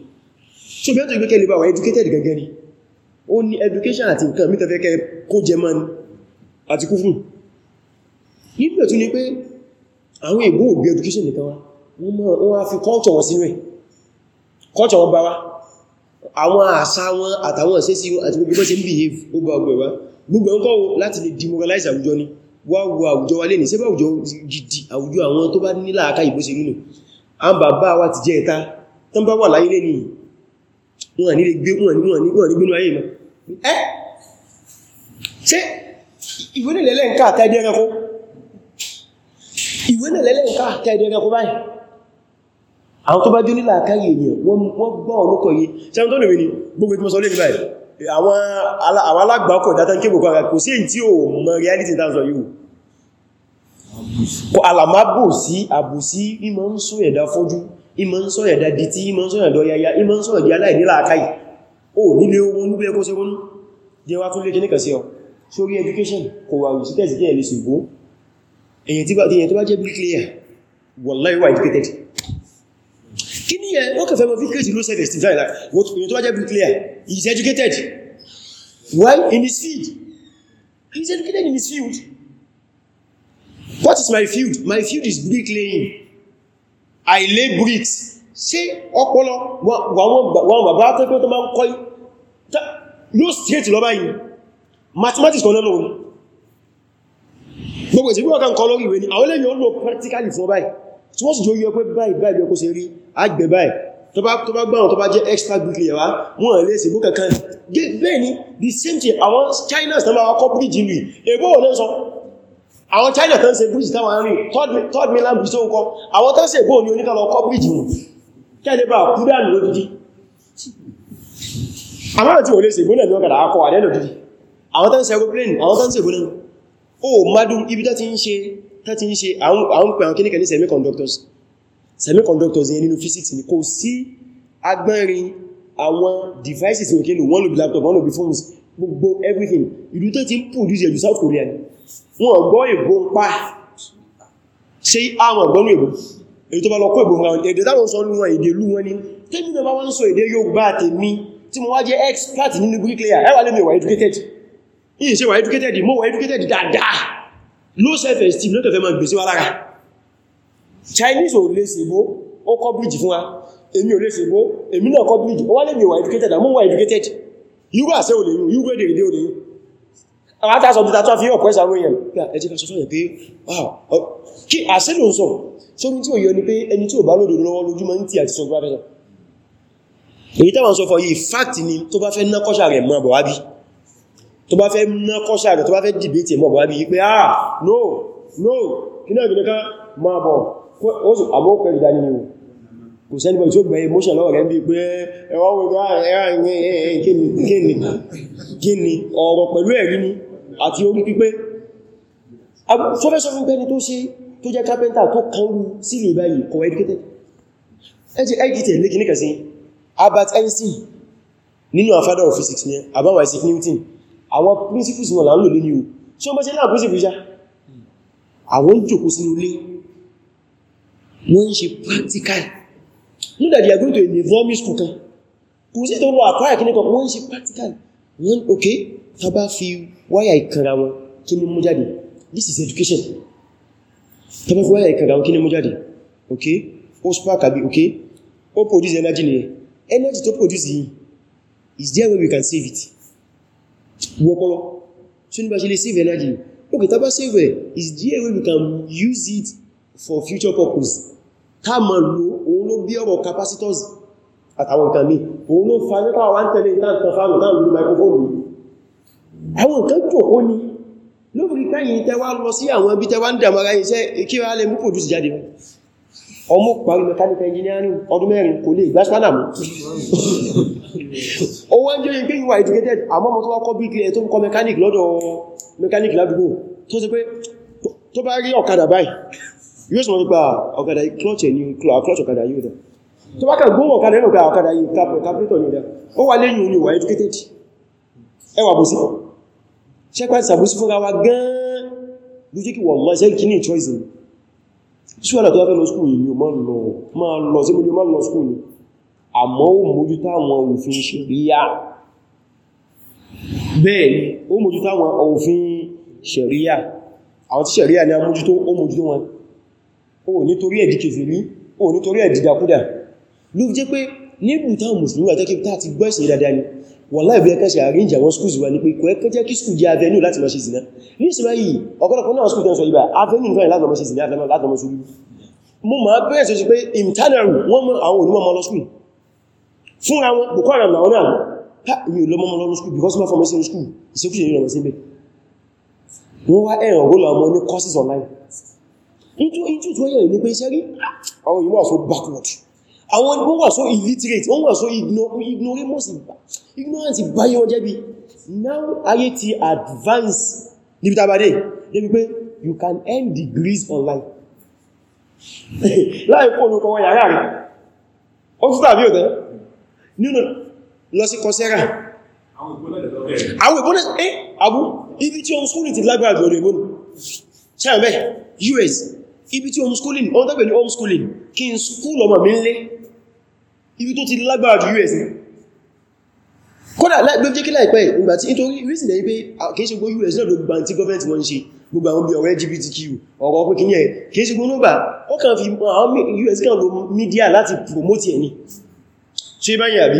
so òbí àtòbí kẹ́lẹ̀ bá wà educated gẹ́gẹ́ ni ó ní education àti nǹkan mítà fẹ́ kẹ́ kó jẹ mọ́ àti kú fún nínú ẹ̀tún ni pé àwọn ìgbó òbí education nìkan wá wọ́n wá fi culture wọn sínú ẹ̀ culture wọn bá wá àwọn àṣà demoralize àwùjọ wá wo àwùjọ wa lè ní sẹ́bẹ̀ àwùjọ gidi àwùjọ àwọn tó bá ní láàká ìbó se nínú a ń bàbá wa ti jẹ́ ẹ̀ta tán bá wà láyé lè ní wọ́n ní gbínú ayé ma ẹ́ ṣe ìwé nílẹ̀ lẹ́ǹkà àtàdé ẹranko ìwé nílẹ̀ lẹ́ǹkà àtàdé ẹranko báyìí àwọn tó bá jó nílà àkáyè ènìyàn wọ́n gbọ́ ọ̀lọ́kọ̀ yìí ṣe àwọn tó lè rí ní gbogbo ìtumọ̀sọ́lé ní báyìí àwọn alágbàkọ̀ ìdátán kí gbogbo ara kò sí tí ó mọ reality dáńsọ yíò alàmábò sí àbòsí ìmọ̀ ń sọ ẹ̀dá fọ́jú ìmọ̀ ń sọ ẹ̀dá dìtí ìmọ̀ ń sọ ẹ̀dá yaya ìmọ̀ ń sọ ẹ̀dá aláìníláàkáì ó nílé ohun níbẹ̀ kó sí wọn jẹ́ wá tún lé kíníkà sí ọ sórí education kò wà sí tẹ́sì kí ẹ̀ lè ṣùgbọ́n èyàn tó bá jẹ́ bricklayer wallahi wà educated kí ní ẹ wọ́n kẹfẹ́ mọ̀ fi create low self esteem láìlá ìwọ̀n tó wá educated well in his field he educated in his field what is my field my field is bricklaying I lay bricks ṣe ọpọlọ wọn bàbá tó pé tó máa ń kọ́ ló straight lọ báyìí mathematics kan lọ́nà òun gbogbo ìsìnkú ọkàn kọ́ lórí ìwé ni àwọn lẹ́yìn ó lò practically fún báyìí tí wọ́n sì jọ yọ pé báyìí báyìí ọkọ̀ sí rí agbẹ̀ báyìí tó bá gbáwọn tó bá jẹ́ extra bricklayer wá wọ́n lè sí bó kankan bẹ́ẹ̀ ni the same thing àwọn China tán máa kọ́ bridge rí ẹgbọ́ wọ́n lẹ́sọ àwọn China tán ṣe bridge táwọn rí third mainland bridge tó ń kọ́ àwọn tán ṣe ẹgbọ́ ní oníkàlọ kọ́ bridge mù kẹ́lẹ́ bá kú dánù lójúdí àwọn tí wọ́n lè ṣe ìgbónà ní ọkàdà akọ àdẹ́lòdí àwọn tán ṣe aeroplane àwọn tán ṣe ìgbónà ó madum ibi tá ti ń ṣe tán ti ń ṣe àwọn pẹ̀ àwọn kíníkà ní semiconductors semiconductors yẹn nínú physics ni kò sí agbẹ́rin àwọn devices ní òkèlò wọ́n lò bí laptop wọ́n lò bí phones gbogbo everything ìlú tó ti ń produce ẹ̀jù South Korea ni wọ́n gbọ́ ègbò pa ṣe àwọn ọ̀gbọ́nú ègbò èyí tó bá lọ kó ègbò fún àwọn èdè táwọn sọ lúwọn èdè lú wọn ni tẹ́bí náà bá wọ́n sọ èdè Yorùbá tèmi tí mo wá jẹ́ expert nínú bricklayer ẹwà lè mi wà educated yìí ṣe wà educated mo wà educated dáadáa low self-esteem ló tẹ̀fẹ́ ma gbèsè wa lára Chinese ò lè ṣègbó ó kọ́ bridge fún wa èmi ò lè ṣègbó èmi náà kọ́ bridge ó wá lè mi wà educated àmú wà educated irú àṣẹ ò lè yún irú èdè èdè ò lè yún àwọn àtàṣọ bí tàtọ́ fi ọ̀pọ̀ ẹ̀sàwó èèyàn ẹ jẹ́ ká sọ sọ́yẹ̀ pé kí àṣẹ ló ń sọ sórí tí ó yọ ni pé ẹni tí ò bá lòdò lọ́wọ́ lójúmọ́ ń tí àti sọ bá fẹ́ sọ èyí táwọn sọ fọ yìí fact ni tó bá fẹ́ ná kọ́ṣà rẹ̀ mọ́ àbọ̀wábí tó bá fẹ́ ná kọ́ṣà rẹ̀ tó bá fẹ́ dìbìtì mọ̀ bọ̀ wábí pé ah no no kí náà gínú kan máa bọ̀ oṣù àbókọ̀ ìdánilò kò sẹ́ni bọ̀ tí ó gbẹ̀ emotion lọ́wọ́ rẹ̀ ń bí pé ẹwà wọ́n kíni ọ̀rọ̀ pẹ̀lú ẹ̀rí ni àti orí pípé sọ́fẹ́sọ́fún pẹ́ni tó ṣe tó jẹ́ kápẹ́ntà tó kánrù sí lè báyìí kọ̀ educated ẹjẹ́ educated lé kìníkà sí Albert Einstein nínú àfádà of physics ní àbáwà isaac Newton àwọn principles wọn là ń lò lé ní o tí ó mọ́ sí láàrín principles já àwọn jòkó sínú ilé wọ́n ṣe practical ní dàdí àgbóntò èdè vomis kù kan kò sí tó lọ àkọ́yà kíní kan wọ́n ń ṣe practical wọ́n ok ta bá fi wáyà ìkànra wọn kí ni mú jáde this is education ta bá fi wáyà ìkànra wọn kí ni mú jáde ok ó spark àbí ok ó produce energy nìyẹn energy tó produce yìí is there way we can save it wọ́pọ̀lọ́ tí ní bá ṣe save energy okay tàbá save it is there way we can use it for future purpose ká ma lo òun ló bí ọ̀rọ̀ capacitors at àtàwọn nǹkan mi òun ló fa nípa wà ń tẹ́lẹ̀ ìtàntàn fáàmù náà lórí microphone mi àwọn nǹkan jòkó ni lórí káyìn tẹ́wàá lọ sí àwọn ibi tẹ́wàá ń dàmọ́ra iṣẹ́ kí wá lè mú produce jáde ọmọ parí mechanical engineering ọdún mẹ́rin kò lè gbáṣpánà mú o wọ́n jẹ́ ìpé ìwà educated àmọ́ mọ́ tó wá kọ́ bricklayer tó ń kọ́ mechanic lọ́dọ̀ mechanic ládùgbò tó sì pé tó bá rí ọ̀kadà báyìí yóò sì mọ́ nípa ọ̀kadà clutch ní clutch ọ̀kadà yóò dá tó bá kà gbóhùn ọ̀kadà nínú ọ̀kadà yìí carburetor ní ọ̀dá ó wà lẹ́yìn òní ìwà educated ẹwà bó sí ṣẹ́pẹ́ sàbúsí fúnra wa gan-an ló jẹ́ kí wọ́n mọ́ sẹ́kì ní choice ṣúwọ́dà tó wá fẹ́ lọ skúl yìí ma lọ ma lọ sí mọ́jú ma lọ skúl ní àmọ́ ó mójú táwọn òfin ṣẹ̀ríyà bẹ́ẹ̀ ni ó mójú táwọn òfin ṣẹ̀ríyà àwọn tí ṣẹ̀ríyà ni a mójú tó ó mójú tó wọn ó nítorí ẹ̀dìkèfèrí ó nítorí ẹ̀dìdàkúdà ló fi jẹ́ pé níbù táwọn mùsùlùmí wà tẹ́kí tàà ti gbọ́ ìsìn dáadáa ni wallahi bí ẹkẹ́ ṣe àríjì àwọn schools wà ní pé kò ẹkẹ́ jẹ́ kí school jẹ́ avenue láti máa ṣe zina ní ìsinmi yìí ọ̀pọ̀lọpọ̀ náà school tẹ́sọ ibà avenue nìkan láti máa ṣe zina láti máa ṣubú mo máa bẹ́ẹ̀ sọ sí pé imtanaru wọ́n mọ́ àwọn onímọ̀ ọmọ lọ school fúnra wọn bùkọ́ ara àwọn ha mi ò lọ mọ́ lọ school because my formation school ìṣekúṣe yìí lọ sí ibẹ̀ wọ́n courses online nítorí tí ó yẹ̀ ní pé iṣẹ́ rí àwọn òyìnbó àfọ backward àwọn wọ́n wà so illiterate wọ́n wà so ignoramus ignorance báyé wọ́n jẹ́bi now ayé ti advance níbi tàbádé débi pé you can earn degrees online láì fóònù kọwọ́ yàrá rẹ̀ ó tún tàbí òtẹ́ nínú lọ sí kọsẹ́rà àwọn ìbónẹ̀ eh abu ibi tí ó ń skúrì ti lágbàrà jọ̀rọ̀ ìbónù ṣe US ibi tí homeschooling ọ́n tẹ́gbẹ̀ ní homeschooling kí n school ọmọ mi ń lé ibi tó ti lágbára jù US ní kódà láìpẹ́ jẹ́ kí láìpẹ́ ìgbàtí nítorí reason lẹ́yìn pé kìí ṣe gbó US náà ló gbà government wọ́n ṣe gbogbo àwọn bí ọ̀rọ̀ LGBTQ ọ̀rọ̀ pé kìí ẹ̀ kìí ṣe gbó nígbà ó kàn fi àwọn US kàn lo media láti promote ẹni ṣe báyìí àbí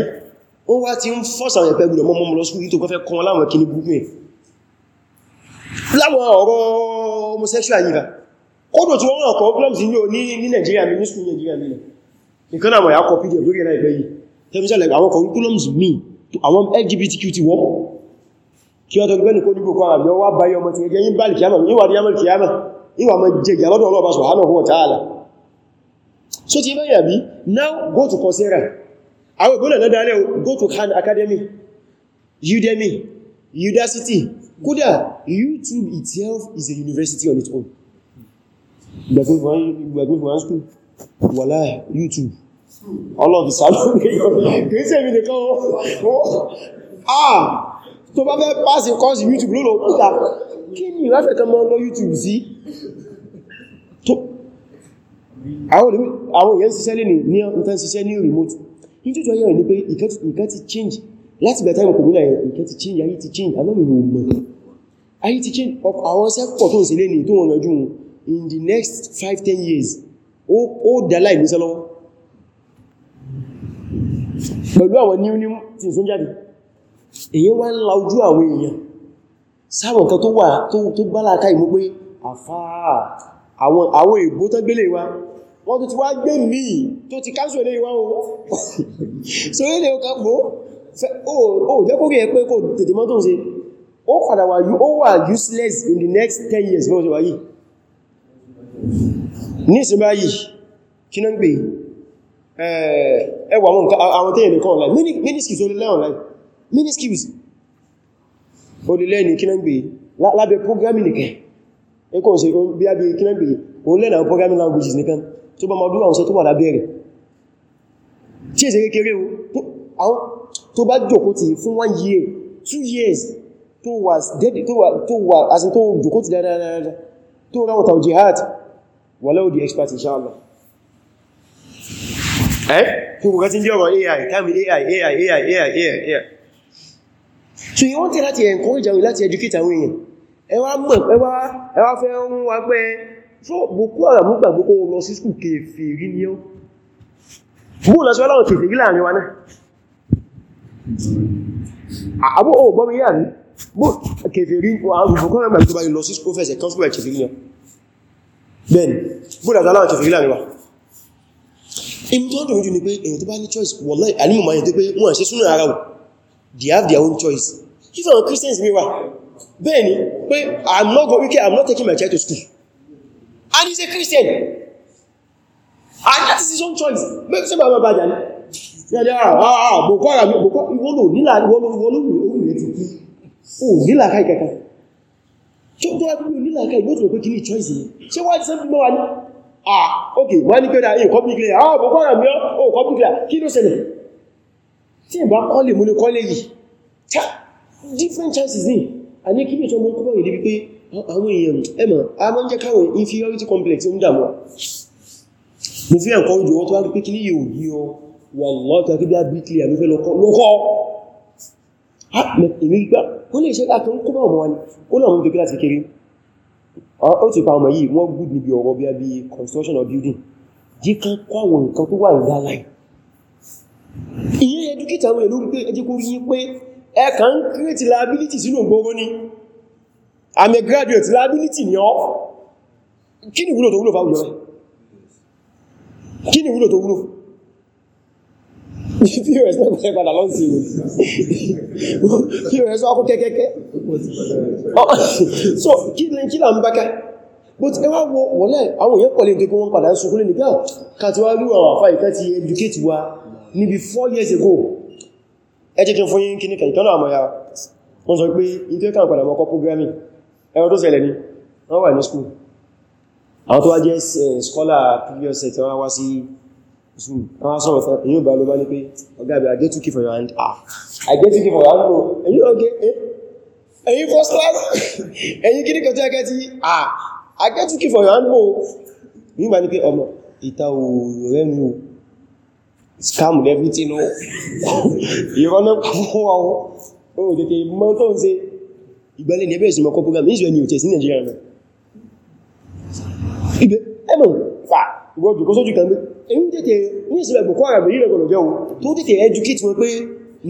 wọ́n wá ti ń force àwọn ẹ̀pẹ́ gbùdọ̀ mọ́mọ́ lọ school yìí tó kọ́ fẹ́ kan láwọn kìí gbogbo ẹ̀ láwọn ọ̀rọ̀ homosexual yìí kódò tí wọ́n rán problems ní ní Nigeria mi ní Nigeria mi nìkan àwọn ya kọ pdf lórí ẹ̀nà ìgbẹ́ yìí tẹ́mísẹ̀lẹ̀ àwọn curriculums mi àwọn LGBTQ ti wọ́n kí wọ́n tó gbẹ́ni kó dìbò kan àmì ọwá báyọ ọmọ ti ẹgẹ́ yí bá kìyàmà níwà so ti bẹ́yà now go to Coursera àwọn ìgbónà lọ́dá alẹ́ go to Khan Academy Udemy Udacity kódà YouTube itself is a university on its own gbẹ̀gbẹ̀gbẹ̀ school wàlá youtube ọlọ́dì sálọ́gbẹ̀ kìí ṣe mi nìkan ó ah tó bá fẹ́ pàṣẹ kọ́sì youtube ló lọ pútà kí ni ìwáfẹ́ kan mọ́ lọ youtube sí àwọn èèyàn ṣiṣẹ́ lè ní ọ̀tán ṣiṣẹ́ ní remote ní tó jọ ní pé ìkan ti change láti bẹ̀ẹ̀ táìmù kòmílà ìkan ti change ayé ti change alọ́mìnà òmìnà ayé ti change àwọn sẹ́pọ̀ tó ń ṣe lé ní tó wọ́n lọ́jú wọn in the next 5-10 years ó dálá ìníṣẹ́ lọ́wọ́ pẹ̀lú àwọn new new things ń jáde èyí wá ń la ojú àwọn èèyàn sáwọn nǹkan tó wà tó gbálàká ìmú pé àfáà àwọn èbó tán gbélé wa wọ́n tó ti wá gbé míì tó ti káṣù ilé wa ohun so ilé ọkà pọ̀ ó jẹ́ kó rí ẹ pé kò tètè mọ́ tó ń ṣe ó padà wà useless in the next 10 years mọ́ ní ìsinmi yìí kí náà ń gbé eh, ẹwà àwọn tẹ́yẹ̀ lè kọ́ online miniskills o lè lẹ́ online miniskills o lè lẹ́ ní kí náà ń gbé lábẹ́ programming nìkan ẹkọ́ ṣe bí abẹ́ kí náà ń gbé òun lẹ́nà programming languages nìkan tó bá mọ́dún àwọn tó wà lábẹ́ rẹ̀ tí è ṣe kékeré àwọn tó bá jókòó tì fún one year two years tó wà as in tó jókòó tì dáadáa tó ráwọn tàwọn jihad walau the expert inshallah eh kúrò kàtí ní ọ̀rọ̀ ai kàmì ai ai ai ai ai ai so yíò wọ́n tẹ́ láti encourage àwọn láti educate àwọn èèyàn ẹ wá mọ̀ ẹ wá ẹ wá fẹ́ ń wá pẹ́ so bukú ọ̀rọ̀ mú gbàgbó kó lọ sí skù kèfèrí ní ọ́ bú lọ sí ọlọ́run kèfèrí láàrin wa náà àbú ò gbọ́mí yà ní bú kèfèrí àwọn bukú ọ̀rọ̀ mẹ́gbàgbó lọ sí skù fẹ́sẹ̀ kan skù kèfèrí náà bẹ́ẹ̀ni bóòlù àti aláwọ̀ kẹfẹ̀rí láàrin wa ibi tó ń dùn jù ní pé èyàn tó bá ní choice wallahi alímọ̀ máa yẹn tó pé wọ́n ṣe súnà ara wù they have their own choice if àwọn Christians mi wà bẹ́ẹ̀ni pé i'm not going okay i'm not taking my child to school and he's a Christian and that is his own choice bẹ́ẹ̀ sẹ́bà máa bàjá ah, ah, ah, ní yàdá àà bòkọ́ ara mi bòkọ́ ìwọ́lò nílà ìwọ́lò ìwọ́lò ìwọ́lò ìwọ́lò tí ó tó ẹgbẹ́ onílà ẹ̀kẹ́ ìgbó tó pé kí ní choice ni ṣe wá ti sẹ́bí mọ́wàá ní ah ok wọ́n ní pẹ́lá èyí kọ́bí clear ah bọ́ kọ́rọ̀ mi ó kọ́bí clear kí ló ṣẹlẹ̀ tí ìbá kọ́lé mú ní kọ́lé yìí ta different chances ní a ní kí ní ìtọ́ mọ́ kọ́bọ̀ yìí débi pé àwọn èèyàn ẹ̀mọ̀ a máa ń jẹ́ káwọn inferiority complex ń dàmú mo fi ẹ̀kọ́ ìjọ wọ́n tó wá pé kí ní yìí ò yí ọ wà lọ́tọ̀ kí bí a bí clear èmi gbá kó lè ṣe láti ń kúbọ̀ ọmọ wa ni ó lọ́wọ́ tó kíláàsì kékeré ó ti pa ọmọ yìí wọ́n gùn níbi ọ̀rọ̀ bí building jí kan kọ́ àwọn nǹkan tó wà ní dáláì ìyẹn ẹdúkítà àwọn èlú pé ẹjẹ́ kó rí pé ẹ kàn ń create sínú gbogbo a graduate liability ni ọ́ kí ni wúlò tó wúlò fáwùjọ rẹ̀ kí ni wúlò tó wúlò fún POS náà bẹ̀rẹ̀ padà lọ́sìn ìwé POS wá kó kẹ́kẹ́kẹ́ so kí ni kí là ń bákẹ́ but ẹwà wo wọ́lẹ̀ àwọn èèyàn kọ̀lẹ̀ ìgbẹ̀kọ́ wọn padà ń sùkúrú nìgbà kàtí wá rí àwọn àfáà ìkẹ́ ti educate wa níbi 4 years ago ẹ jẹ́ kí n fún yín kí ní kẹ̀kẹ́ náà àmọ́ ya wọ́n sọ pé ìtẹ́ kàn padà mọ́kọ́ programming ẹ̀rọ tó ṣẹlẹ̀ ni wọ́n wà ní school àwọn tó wá jẹ́ eh, scholar previous set wọ́n wá sí àwọn sọ̀rọ̀ fún èyí bá ló bá ní I get 2k for your hand ah I get 2k for your hand bro èyí ọgẹ́ èyí first class èyí kí ní kọjá ẹgẹ́ tí ah I get 2k for your hand bro èyí bá ní pé ọmọ ìta òòrùn rẹ̀ ní o scam everything o ìrọ́nà fún wa o ó tètè mọ́ tó ń ṣe ìgbẹ́lẹ̀ ní ẹbẹ̀ ìsinmi ọkọ̀ program ìṣẹ́ ni òtẹ̀ sí Nàìjíríà rẹ̀ ibẹ̀ ẹ̀mọ̀ ìwọ́jù kó sójú kan bẹ́ẹ̀ èyí tètè ní ìsinmi ẹgbùkọ́ àrẹ̀bẹ̀ yìí rẹ̀gọ̀lọ̀ jẹ́ tó tètè educate pé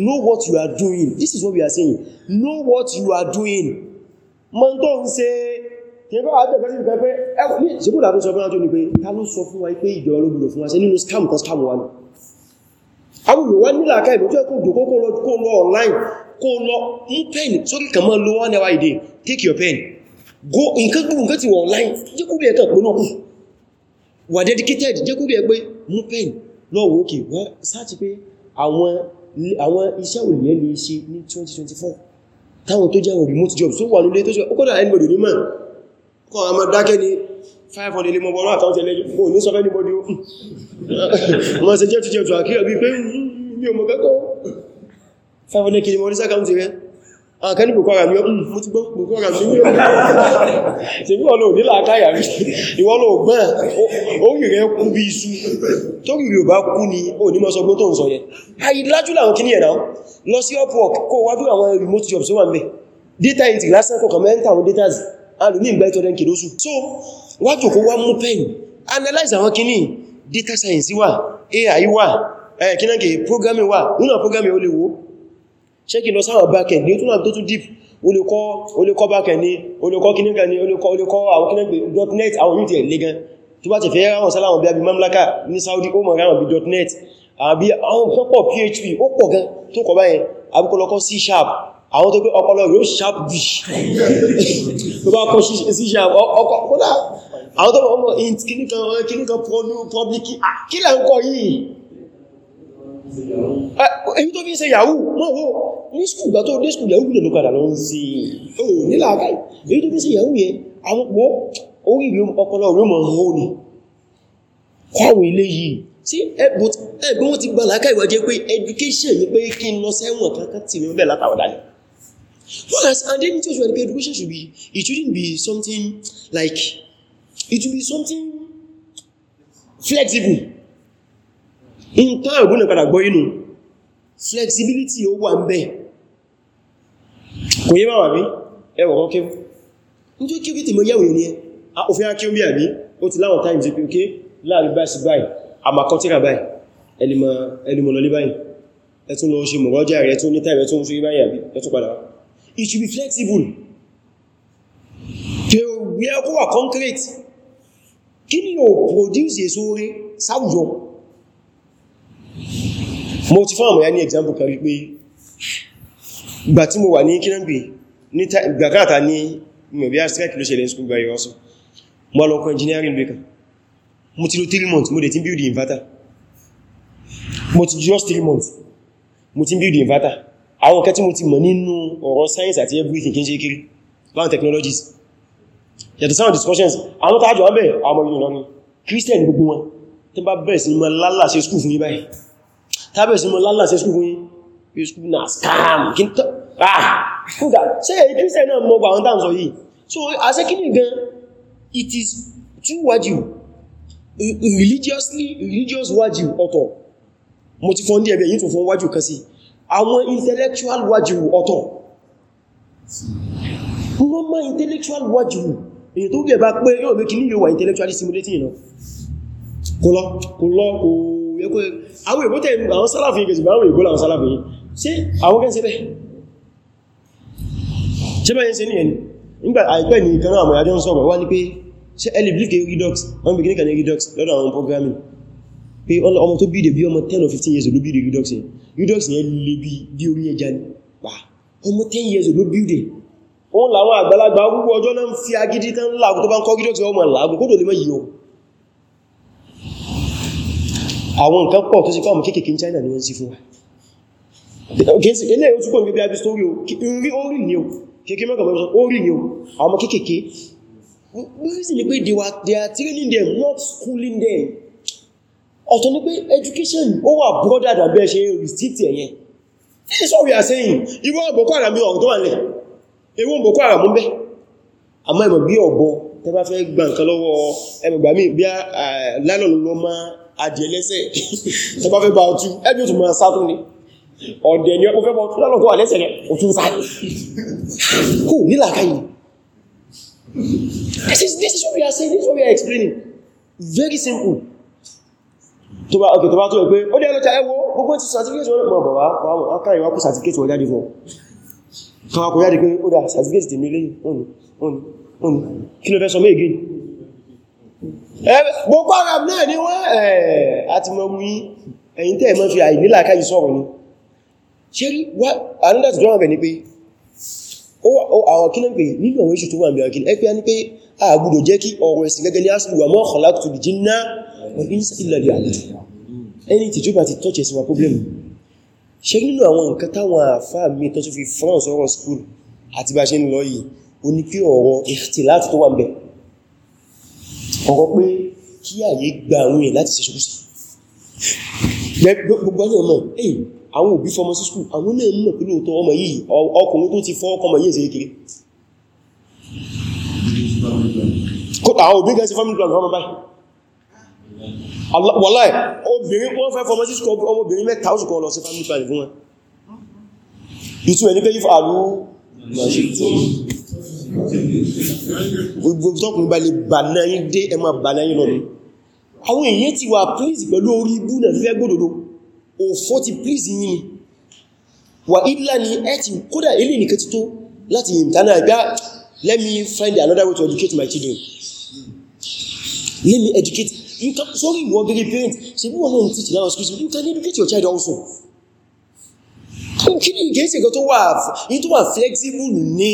know what you are doing this is what we are saying know what you are doing mọ́ tó ń ṣe kẹfẹ́ àjẹ́kẹ́ sí pẹ́pẹ́ ẹkùn ní ìṣẹ́kùnlá tó sọ fún àjọ́ ni pé ta ló sọ fún wa pé ìjọ olóbùnlò fún wa ṣe nínú scam kan scam one. ni àwọn ìwọ́n nílà ká ìbọ̀jọ́ ẹkùn dùn kó lọ kó lọ online kó lọ mú pen sókè kàn mọ́ lo one hour a day take your pen go nǹkan gbogbo nǹkan ti wọ online jẹ́ kó bí ẹ̀tàn pẹ̀lú wà dedicated jẹ́ kó rí ẹ pé mú pen lọ́wọ́ òkè wọ́n sáàtì pé àwọn iṣẹ́ òlìyẹ lè ṣe ní 2024 táwọn tó jẹ́ àwọn remote jobs tó wà lólé tó ṣe ó kọ́dà anybody ní mọ̀ kọ́ àmà dákẹ́ ni 500 lè mọ̀ àtàwọn tẹ̀lé anybody ó wọ́n ṣe jẹ́ tó àkẹ́lì ah, bùkọ́ra ní ọdún mú mm, ti gbọ́ bùkọ́ra ní ọdún ṣe bí ọlọ́ ònílà àkáyà rí ìwọ́lọ́ ògbọ́n orí rẹ̀ kú bí iṣu tó rí rí ò ni kú ní onímọ̀ sọ gbótó ń sọ yẹ àìlájú làwọn kíní ẹ̀nà lọ sí upwork remote jobs wà mẹ́ data entry lásán kọ̀kan mẹ́ta data alù ní ìgbà ìtọ́dẹ̀ kìí so wájú kó wá pen analyze àwọn kíní data science wà AI wà eh, kínákè programming wà nínú programming ó lè wo ṣẹ́kì lọ sáwọn backend ní túnà tó tún deep olùkọ́ backend ní olùkọ́ kìníkà ní olùkọ́ àwọn kìníkà.net àwọn yìí tẹ̀ lé gan tó bá ti fẹ́ ráwọn sáláwọn bí i mamlaka ní Saudi o mọ̀ ráwọn bí .net àbí àwọn pọ́pọ̀ PHP ó pọ̀ gan tó kọ báyẹn àbíkọlọkọ́ C sharp àwọn tó pé ọpọlọ yóò sharp b tó bá kọ́ C sharp ọkọ̀ kódà àwọn tó ọmọ kìníkan public kí là ń kọ yìí èyí tó fi ń ṣe yahoo mọ́wọ́ ní skùl gbà tó dé skùl yàwó gbìdẹ̀ ló padà lọ ń sí ò nílà àkáì èyí tó fi sí yàwó yẹ àwọn pọ̀ orí ọpọlọ orí ọmọ ọ̀hún ni kọwọ ilé yìí sí ẹgbẹ́ wọn ti gbà láká ìwàjẹ́ pé education ní pé kí n lọ sẹ́wọ̀n kankan tì mí bẹ́ẹ̀ whereas and then it was education should be it shouldn't be something like it should be something flexible in time ògbónà padà gbọ́ inú flexibility ó wà ń bẹ̀ kò yé bàwà bí ẹwọ̀ kọ́kí ní tó kí o kí tèmọ yẹ̀wò ní ẹ òfin akí omi àbí ó ti láwọn times pé òkè láàrin báyìí sí báyìí àmàkọtíra báyìí ẹlìmọ̀ lọlé báyìí ẹtún lọ ṣe mọ̀rọ̀já rẹ̀ tún ní tàbí ẹtún ṣe báyìí àbí ẹtún padà it should be flexible kí o wí ẹkọ́ concrete kí ni produce èso orí sáwùjọ mo ti fún àwọn ní example kan rí pé ìgbà tí mo wà ní kínágbé gbàkátà ní mẹ̀bí astrike ló ṣẹlẹ̀ school by also mo lọ kọ́ engineering baker mo ti lò 3 months mo dẹ̀ ti build inverter mo ti just 3 months mo ti build inverter àwọn kẹ́ tí mo ti mọ̀ nínú ọ̀rọ̀ science àti everything kí kiri land technologies yàtọ̀ sáwọn discussions àwọn tààjọ̀ wọ́n bẹ̀rẹ̀ ọmọ ìrìnlọ́ni christian gbogbo wọn tí wọ́n bá bẹ̀rẹ̀ sí ma lálàṣe school fún yí tábẹ̀sí mọ́ lálà sí skúgbùn yìí náà scam kí ah kúgbà ṣe èyí kírísẹ̀ náà mọ́ gbà wọ́n tàn sọ yìí so àṣẹ kí ní gan it is true wajib religiously religious wajib ọ̀tọ̀ mo ti fọ́n dí ẹgbẹ̀ yìí tó fún wajib kan sí àwọn intellectual wajib ọ̀tọ̀ wọ́n má intellectual wajib èyí tó gẹ̀ bá pé yóò mẹ́kí ní yóò intellectually stimulating you know kò lọ kò lọ kò yẹ kó àwọn èbó tẹ́ àwọn sálàfí yìí gẹ̀sìgbà àwọn èbó làwọn sálàfí yìí ṣe àwọn gẹ́ ṣẹbẹ̀ ṣe bẹ́ yẹn ṣe ní ẹni nígbà àìpẹ́ ní ìkaná àmọ̀ àjọ ń sọ̀rọ̀ wá ní pé ṣe ẹlì blíkẹ̀ redux wọ́n bí kíníkà ní redux lọ́dọ̀ àwọn programming pé ọmọ tó bíde bí ọmọ 10 15 years old ló bíde redux yẹn redux yẹn lè bí orí ẹja 10 years old ló bíde òun làwọn àgbàlagbà gbogbo ọjọ́ náà ń fi agídí tán láàgùn tó bá ń kọ́ redux ọmọ làágùn àwọn nǹkan pọ̀ tó sì fáwọn kéèkèé ní China ni wọ́n sí fún wa ilé ò túnkọ̀ níbi àbí sórí orí ni o kéèkéé mẹ́kànlá sọ orí ni o àwọn kéèkéé they are training them not schooling them ọ̀tọ̀ ní pé education ó wà broader than bẹ́ẹ̀ ṣe restrict ẹ̀yẹn that's what we are saying irú Boko Haram mi ọ̀rọ̀ tó wà nílẹ̀ ewu Boko Haram ń bẹ àmọ́ ẹ̀mọ̀ bí ọ̀bọ tẹ́ bá fẹ́ gbà nǹkan lọ́wọ́ ẹ̀mọ̀gbà mi bí lálọ́lọ́mọ́ adìẹ lẹ́sẹ̀ tó bá fẹ́ bá ọtú ẹbí ò tún máa sá tún ni ọ̀dẹ̀ ni ó fẹ́ bá ọtú lọ́nà tó wà lẹ́sẹ̀ rẹ̀ ò tún sáà kò nílà káyìí this is this is what we are saying this is what we are explaining very simple tó bá ọkẹ̀ tó bá tó rẹ̀ pé ó dẹ́ lọ́ta ẹwọ́ gbogbo ti certificate wọn mọ̀ bàbá àwọn akáyẹ̀ wá kú certificate wọn jáde fún kan akọ̀ jáde pé ó dá certificate tèmi lẹ́yìn òní òní kí ló fẹ́ sọ mé again Boko Haram náà ni wọ́n àti mọ̀ mú yí ẹ̀yìn tẹ́ mọ́ fi àìnílà káyí sọ̀rọ̀ ni ṣe rí wá anúdà tó jọ́wọ́ bẹ̀ ni pé àwọn kí náà pé nínú àwọn iṣù tó wà mẹ́rin kìí ẹgbẹ́ ni pé a gbọ́dọ̀ jẹ́ kí ọ̀rọ̀ ẹ̀sìn gẹ́gẹ́ ní asìlú wa ma khalaqtu al-jinna wal-insa illa liya'budun ẹni tí jọba ti tọ́jẹ̀ sí wa pọ́blẹ̀mù ṣe nínú àwọn nǹkan táwọn àfáà mi tọ́jú fi France ọ̀rọ̀ school àti bá ṣe ń lọ yìí o ní kí ọ̀rọ̀ ìhtìláàtì tó wà mẹ́rin ọ̀rọ̀ pé kí àyè gba àwọn èèyàn láti ṣe ṣokúsí gbogbo ọjọ́ mọ̀ èyí àwọn òbí fọmọ sí skúl àwọn náà mọ̀ pé lóòtọ́ ọmọ yìí ọkùnrin tó ti fọ́ ọkọmọ yìí ṣe kiri kódà àwọn òbí gẹ́sí family plan ọmọ báyìí wàláì obìnrin wọ́n fẹ́ fọmọ sí skúl ọmọbìnrin mẹ́ta ó sì kọ́ lọ sí family plan fún wọn ìtumẹ̀ ní pé yífà àlú gbogbo tọ́kùnrin bá lè bàná yí dé ẹ máa bàná yí lọ́nà àwọn èyí ti wà please pẹ̀lú orí ibú náà fẹ́ gbódòdó òfó ti please yí ni wà ìdílá ni ẹ ti kódà ilé nìkan ti tó láti ìmìtánà àgbá let me find another way to educate my children let me educate you can sorry you are very parent say bí wọn náà teach now excuse me you can educate your child also kí ni ìgẹ́sẹ̀ kan tó wà flexible ní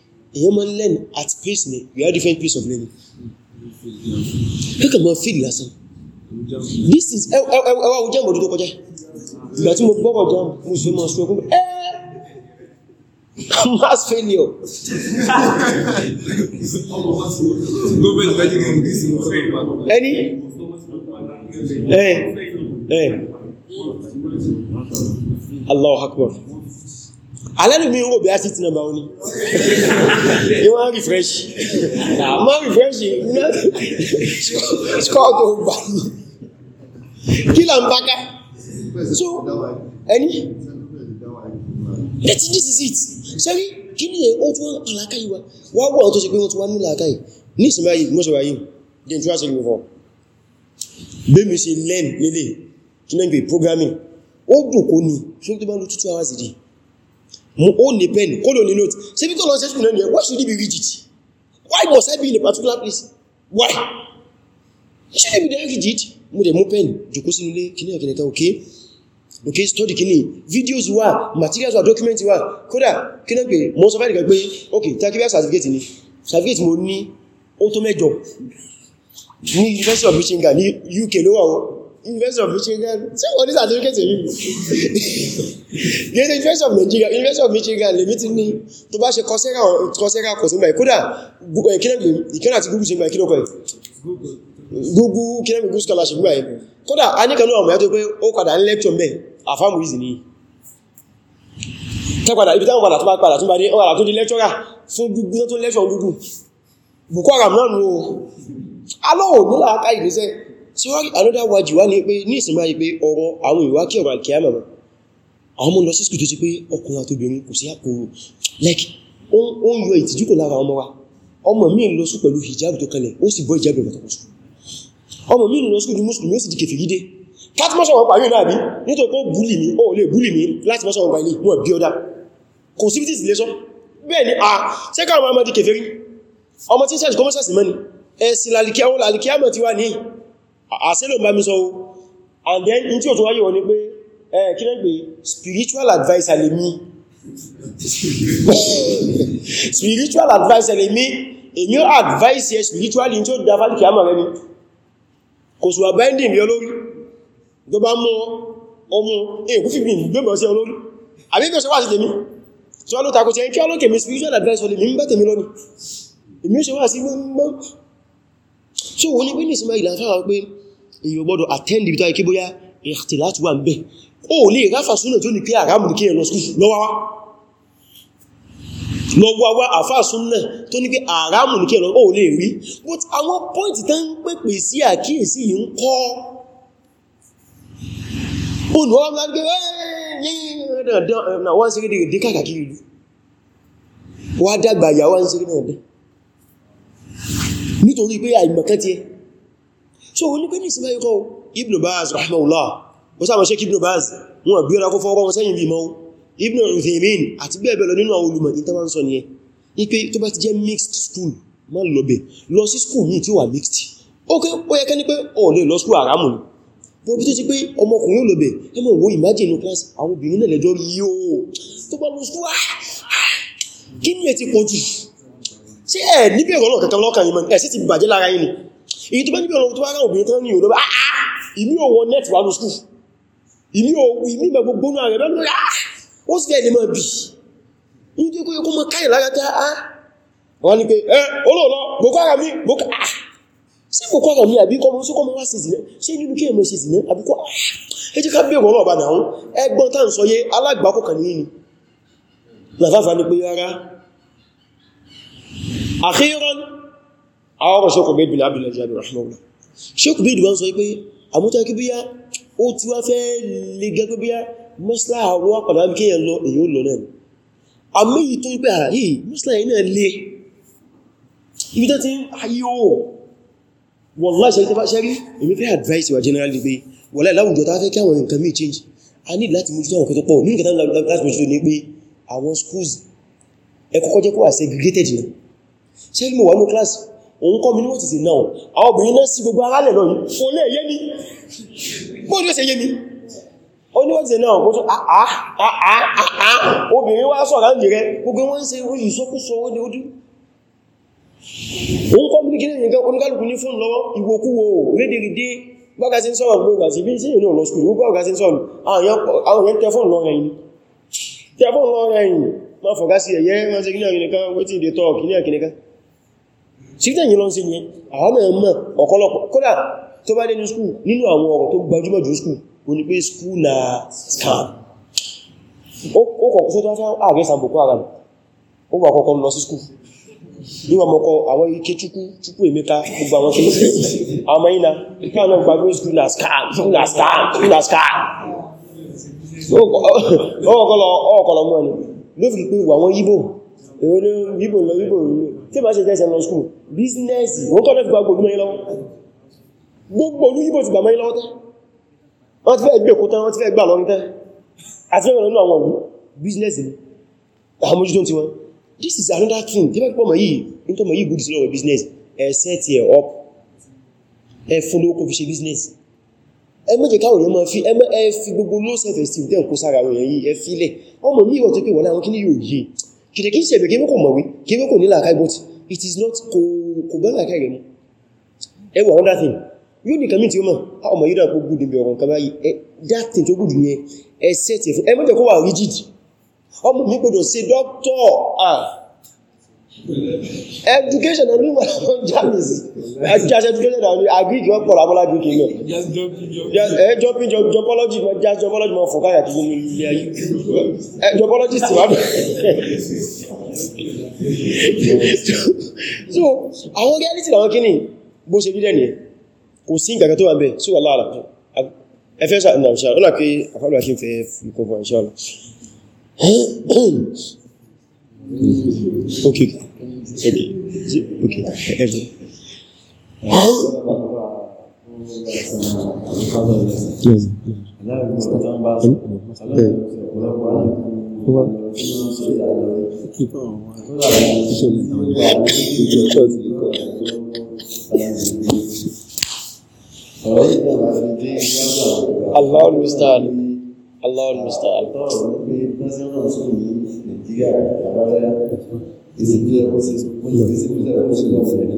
èyàn máa ń learn at peace ni we have different pace of learning kíkàn máa feel lásán this is ẹwà ojú àmọ̀dú tó kọjá ìgbà tí mo gbọ́rọ̀ jam mo sì máa sọ ẹkún ẹ́ mass failure ẹni ẹ̀ ẹ̀ Allahu Akbar alẹ́lùmí ń wò bí asset number ó ní ìwọ́n refresh ma refresh iná score tó gbà ní kí là ń bá ká so ẹni let's this is it sẹ́rí kí ní ó tún wọ́n àlàkà yìí wá wọ́n wọ́n tó ṣe pé wọ́n tún wá ní làákà yìí ní ìsinmi ayé mọ́ṣẹ̀ wáyé jẹ́ ìtura sí ìwọ̀fọ́ bẹ́mi ṣe learn lélẹ̀ kí náà gbé programming ó dùn kó ní fún tó bá lọ 2 hours a day mo own a pen kó on ní note ṣe bí tó lọ sẹ́sùn náà why should he be rigid why must I be in a particular place why should it be very rigid mo dẹ̀ mú pen jòkó sínú ilé kìnìyàn kìnìyàn okay okay study kìnì videos wà materials wà documents wà kódà kìnìyàn pé mo sọ fẹ́ẹ̀dì kan pé okay takibia certificate ni certificate mo ní ó job. mẹ́jọ ní University of Michigan ní UK ló wà University of Michigan ṣé wọ́n ní certificate yìí the University of Nigeria University of Michigan lèmi ti ní tó bá ṣe Coursera kò sí mẹ́ kódà ìkẹ́nà àti Google ṣe mẹ́ kílọ́kọ̀ ẹ̀ Google kílọ́mì Google scholarship mẹ́ kódà a ní kanú àwọn ẹ̀tọ́ pé ó padà ń lecture mẹ́ àfáàmù ìzì ní tẹ́padà ibi táwọn padà tó bá padà tó bá dé ọ̀rà tó di lecturer fún Google tó lecture Google Boko Haram náà nù alóòrùn nílà aká ìgbésẹ̀ so wọ́n another wájú wá ní pé ní ìsinmi ayé pé ọ̀rọ̀ àwọn ìwá kí ọ̀rọ̀ alkiyama mọ̀ àwọn ọmọ lọ sí skùtò sí pé ọkùnrin àtòbìnrin kò sí àkóòrò like on ń yọ ìtìjú kò lára ọmọ wa ọmọ mi lọ sí pẹ̀lú hijab tó kalẹ̀ ó sì bọ́ hijab rẹ̀ tọkọ̀ sùn ọmọ mi lọ sí ní mùsùlùmí ó sì di kẹfì gídé káàtì mọ́sọ̀ wọn pàmì náà bí nítorí pé búlì mi ó lè búlì mi láti mọ́sọ̀ wọn pàmì wọn bí ọdá kò sí fítì sílé sọ bẹ́ẹ̀ ni a sẹ́kà ọmọ ọmọ di kẹfẹ́rí ọmọ tí ń sẹ́jù kọmọ́sẹ̀sì mẹ́ni ẹ̀sìn lálìkíyàmọ̀ ti wà níyìí àṣílò bá mi sọ o and then in tí ò tó wáyé wọn ni pé ẹ̀ kí lẹ́ pé spiritual adviser lè mí spiritual adviser lè mí èmi ó advice yẹ spiritually tí ó dá fálìkì àmà rẹ ni kò sùwà bẹ́ndì mi olórí tó bá mọ́ ọmọ èkú fìbìn gbẹ́mọ̀ sí olórí àbíkẹ́ sọ wà sí tèmi tí wọ́n ló takò tí ẹ kí ọlọ́kẹ̀ mi spiritual advice olè mi ń bẹ́ tèmi lónìí èmi ó sọ wà sí gbẹ́mọ̀ èyí gbọ́dọ̀ attend ibi tó yẹ kí bóyá ìtìláti wà ń bẹ̀ ó lè ráfà súnà tó ní pé àrámù ní kí ẹ̀rọ skúl lọ́wọ́wá lọ́wọ́wá àfà súnà tó ní pé àrámù ní kí ẹ̀rọ ó lè rí but àwọn pọ́ìntì tán pèpè sí àkíyèsí yìí ń kọ́ nítorí pé àìmọ̀kán ti ẹ so wọ́n ní pé ní ìsinmi ẹ̀kọ́ ibn baz rahimahullah wọ́n sáàmà ṣe kí ibn baz wọ́n bí ọ́rá kó fọ́kọ́ wọn sẹ́yìn bí mọ́ ibn uthaymin àti bẹ́ẹ̀bẹ́ẹ̀ lọ nínú àwọn olùmọ̀ ní tọ́wọ́n sọ ní ẹ ní pé tó bá ti jẹ́ mixed school má lọ bẹ̀ lọ sí school ní tí wà mixed ok ó yẹ kẹ́ ní pé ọ̀ lè lọ school àrámù ni bó bí tó ti pé ọmọkùnrin lọ bẹ̀ ẹ mọ̀ inú class àwọn obìnrin náà lẹ́jọ́ rí yóò tó bá lọ school ah, ah, kí ni ẹ ti pọ̀ jù ṣé ẹ̀ níbẹ̀rọ̀ lọ́kàn lọ́kàn yìí mọ̀ ẹ̀ sì ti bàjẹ́ lára yìí ni èyí tó bá níbi ọlọ́run tó bá rá obìnrin tán ní ìlú bá ah, ah, ìmí ò wọ net wà ní skúl ìmí ò ìmí ìmẹ̀ gbogbo náà rẹ̀ bẹ́ẹ̀ lórí ah, ó sì fẹ́ẹ̀ lè máa bì ní tí kó yẹ kó mọ káyì a wọ́n ni pé ẹ eh, olóòlọ́ boko haram ní boko sí boko haram ní àbí kọmọ sí kọmọ wá sí ìsìnà ṣé nínú kí èmọ̀ sí ìsìnà àbí kọ́ ẹ jẹ́ ká bèèrè ọlọ́ọ̀bá náà ẹgbọ́n tá ń àwọn ṣekùn bèèdì bin abdullahi jami'ar rahimahullah ṣekùn bèèdì wọ́n sọ pé àmútọ́ kí bíyá ó ti wá fẹ́ lè gẹ́gbẹ́ bíyá mọ́sílá àwọn apàdà bí kíyàn lọ èyí ó lọ náà àmìyí tó gbà yìí mọ́sílá yìí náà lè ibi tó ti ń ayé ó wọ́n láṣẹ́ tó bá ṣẹ́rí èmi fẹ́ advice wa generally pé wọ́n láì láwùjọ tá fẹ́ kí àwọn nǹkan míì change a need láti mójútó àwọn ẹkọ́kọ́ jẹ́ kó wà segregated náà ṣẹ́rí mo wà ní class òun kọ́ mi ní wọ́n ti sì náà àwọn obìnrin náà sí gbogbo arálẹ̀ lọ yìí fún olè yé mi bóòdí ó ṣe yé mi ó ní wọ́n ti sì náà kó tó àà obìnrin wá sọ̀rọ̀ ń jẹrẹ gbogbo wọ́n ń ṣe orí ìsọkúsọ ó ní ó dú òun kọ́ mi ní kíní nǹkan oníkálùkù ní fún lọ́wọ́ ìwòkúwò rédèrèdè bọ́gá sí ń sọ̀rọ̀ gbogbo àti bí sí ìrìn òlò skùl bọ́gá sí ń sọ̀rọ̀ àwọn èèyàn tẹfọ́n lọ rẹ̀ yìí tẹfọ́n lọ rẹ̀ yìí má fọ̀gá sí ẹ̀yẹ́ wọ́n ti kíní ọ̀rìn nìkan wetin dey talk kíní ọ̀kìnìkan sí tẹ́yìn lọ sí ni àwọn náà mọ̀ ọ̀kọ́lọpọ̀ kódà tó bá dé ní skúù nínú àwọn ọ̀rọ̀ tó gbajúmọ̀ jù skúù o ní pé skúù na scam ó kọ̀kọ́ tó tó ààrẹ ah, sàbòkó ara rẹ̀ ó wà kọ́kọ́ lọ sí skúù níwà mọ́kọ́ àwọn ike chukwu chukwu emeka gbogbo àwọn kìí àmà ìna ká náà gbàgbé skúù na scam skúù na scam skúù na scam ó kọ́kọ́ lọ mọ́ ni ló fi pé wà wọ́n yíbò èwo ní bíbò lọ bíbò ìlú tí bá ṣe tẹ́sẹ̀ lọ skúl bísínẹ́sì wọ́n kọ́ lẹ́fì gbogbo olúmọ́ ìlọ́wọ́ gbogbo olú yíbò ti gbà mọ́ ìlọ́wọ́ tẹ́ wọ́n ti fẹ́ gbé òkúta wọ́n ti fẹ́ gbà lọ́rin tẹ́ àti fẹ́ lọ́nà àwọn òwú bísínẹ́sì ni àwọn mójútó ti wọn this is another thing tí bẹ́ẹ̀ pọ̀mọ̀ yìí ní tọ́mọ̀ yìí good slow business set ẹ up ẹ fún lóko fi ṣe business ẹ méje káwọn èèyàn máa fi ẹ fi gbogbo low self esteem tẹ́ ń kó sára àwọn èèyàn yìí ẹ fílẹ̀ ọmọ mi ìwọ̀n tó pé wọ́n láwọn kí ní yóò yìí kìdẹ̀ kí ṣe ẹ̀bẹ̀ kí mú kò kí mú ní làákàí but it is not kò bá làákàí rẹ̀ mú ẹwà another thing yóò ní kàmí tí ó mọ̀ ọmọ yóò dápò gùn níbi ọ̀rọ̀ kàmá yìí that thing tó gùn yẹn ẹsẹ̀ tí fún ẹmọ́jẹ̀ kó wà rigid ọmọ mi education na luma on jamis just education na agric wọn pọ̀ lábọ́lá ju kìí náà jumping jopology ma just jopology ma fọ̀ká yàtí gbogbo ilé ayé eh, jopology sì wà so àwọn reality làwọn kíní bó ṣe bídẹ̀ ni kò sí ìgbàgbà tó wà bẹ̀ sí wà láàrá ẹfẹ́ sáà náà ṣe ọ̀nà pé àfáàlù àṣín fẹ́ ìkọ̀ọ̀kan ṣe ọ̀nà okay Eddie. Is it? Okay. Eddie. Allah müstahal. Allah müstahal. Ezequiel kò sí ìpínlẹ̀ Ezequiel kò sí ìpínlẹ̀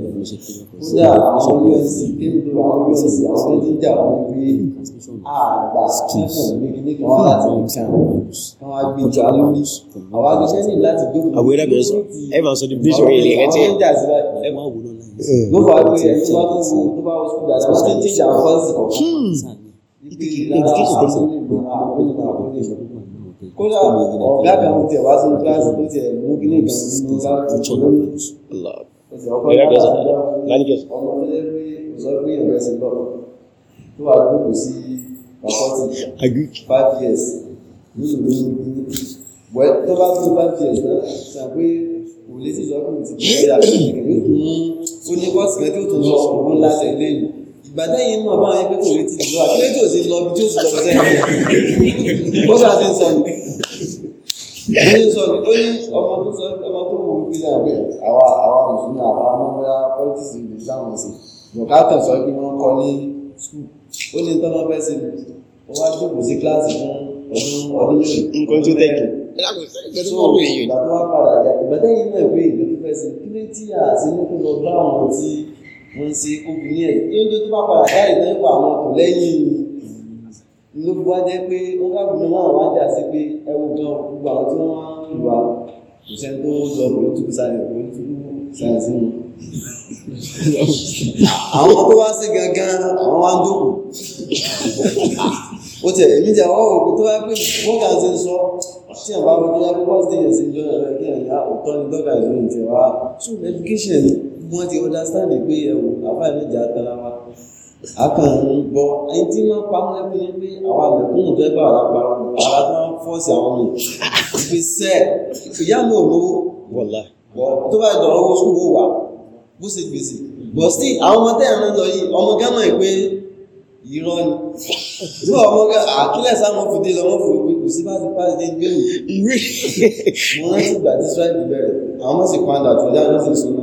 kódà àwọn UNC kéwòn àwọn UNC àwọn ẹlẹ́jà wọn gbé àgbà kíkàn nígbà wọn láti nìkan àwọn agbèjà lórí àwọn agbèjà ní láti jókòó. àwọn ẹlẹ́gbẹ́ sọ ẹ máa sọ ní bí ìṣòro ilé rẹ ti ẹ máa wò lọ́la yìí. ló fà á pé ẹni wá tó wo tó bá wọ sukùl dàtí wọn ti ń tíjà fọ́ọ̀sì. ìdíkì ìdíkì ìdíkì ìdíkì ìdíkì ìdíkì ìdíkì ìdíkì ìdíkì ìdíkì ìdíkì kódà ọ̀gá kan tẹ̀ wá sí kíláàsì tó tẹ̀ mú kí ní ìgbà nínú láti tó lórí ẹsẹ̀ ọkọ̀ láti dá ọmọ tó lé pé kò sọ pé ìrìn ẹsẹ̀ lọ tó wà lóko sí pàkọ́tì five years nínú ìlú tó bá tó five years náà ṣàpé kò lè ti sọ pé kò ti bẹ̀rẹ̀ àti ìgbà yóò tún ó ní kọ́sì kan tí ó tún lọ òun láti ẹlẹ́yìn ìgbàdá yìí mọ̀ bá wọn pé kò rí ti dùn àbí lẹ́tí ò sí lọ bí tí ó sì lọ sẹ́yìn ó bá ti ń sọ ní ó ní sọ ní ó ní ọmọ tó sọ ọmọ tó mọ̀ wípé náà pé àwa àwa mùsùlùmí àwa amọ́bíyá pọ́lítíìsì ìlú sáwọn sí ìjọba kan sọ pé wọ́n kọ́ ní skul ó ní tọ́nà fẹ́ sí ni ó wá jókòó sí kíláàsì fún ọdún ọdún méjì nǹkan tó tẹ̀lé ìgbàdá yìí náà pé ìgbàdá fẹ́ sí kí mo ṣe obìnrin ẹ̀ ní ojú tó bá padà dáì nípa àwọn ọkọ̀ lẹ́yìn inú gbogbo ajẹ́ pé ó káàkiri náà wá jà sí pé ẹwù gan gbogbo àwọn tí wọ́n ń wá kò sẹ́ni tó lọ bò ó sáré bò ó tún sáré sí wọn. àwọn tó wá sí gangan àwọn wá ń dúkù ó tẹ èmi jẹ àwọn òkú tó wá pé wọn kà ń sọ tí àwọn bá wọn tó wá pé wọn sì ń ṣe jọ ẹ kí ẹ yá òótọ́ ni dọ́gà ìlú ìjẹwàá so education ni wọ́n ti understand pé ẹ̀wò àbáyọ̀jà tẹ́lá wa akàn ń gbọ́ ẹni tí wọ́n pa wọ́n lẹ́kùn ní pé àwọn àmẹ̀kúnnù tó ẹgbà wà pa ara tó wọ́n fọ́ọ̀sì àwọn ọmọ ìpè sẹ́ ìyá mi ò lówó wọ̀lá tó bá dọ̀rọ̀ owó sùn wò wá bó ṣe gbèsè bọ̀ sí àwọn ọmọ tẹ́yà náà lọ yìí ọmọ gánà ìpè irọ́ ni tí ọmọ àkílẹ̀ sáwọn fìdí lọ́wọ́ fún ìpè kò sí bá ti pa ìdí gbé mi. mo rántí ìgbà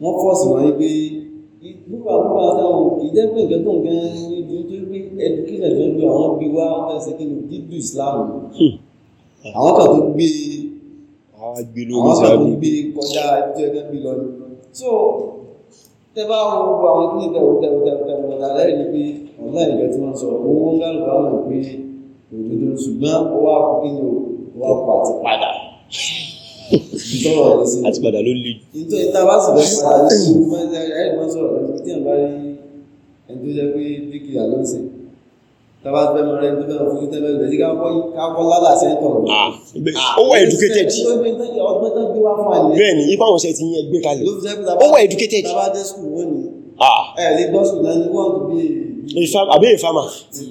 wọ́n fọ́ọ̀sì wáyé pé nígbà púpà táwọn ìjẹ́pẹ̀ nǹkan tó nǹkan ìdú tó gbé ẹdùkíṣẹ̀ tó gbé àwọn bí wá wọ́n fẹ́ sẹ́kí dídú Islam àwọn kan tó gbé àwọn kan tó gbé kọjá ẹbí ẹgbẹ́ bí lọ ni so tẹ́bá wo gbogbo àwọn kí ní tẹ̀wò tẹ̀wò tẹ̀wò tẹ̀wò lálẹ́ rí pé ọ̀la ìgbẹ́ tí wọ́n sọ ni ó àti padà ló le jù. ìtọ́ ìta bá sì bẹ́ẹ̀ padà sí ẹ̀rí máa sọ̀rọ̀ lẹ́nu tí àbá rí ẹni tó jẹ́ pé bíkìlà ló ń sè tábà fẹ́ mọ rẹ tó fẹ́ mọ fún tẹ́lẹ̀ lẹ́sí káwọ́ lálà sẹ́ńtọ̀ rẹ̀. Ah, ó wà educated. bẹ́ẹ̀ ni ipa wọn ṣe ti yẹn gbé kalẹ̀ ó wà educated. tábà dé sùkúl wọn ni ah. ẹ̀ lè gbọ́ sùkúl náà ni wọ́n ti bí. àbí ìfama.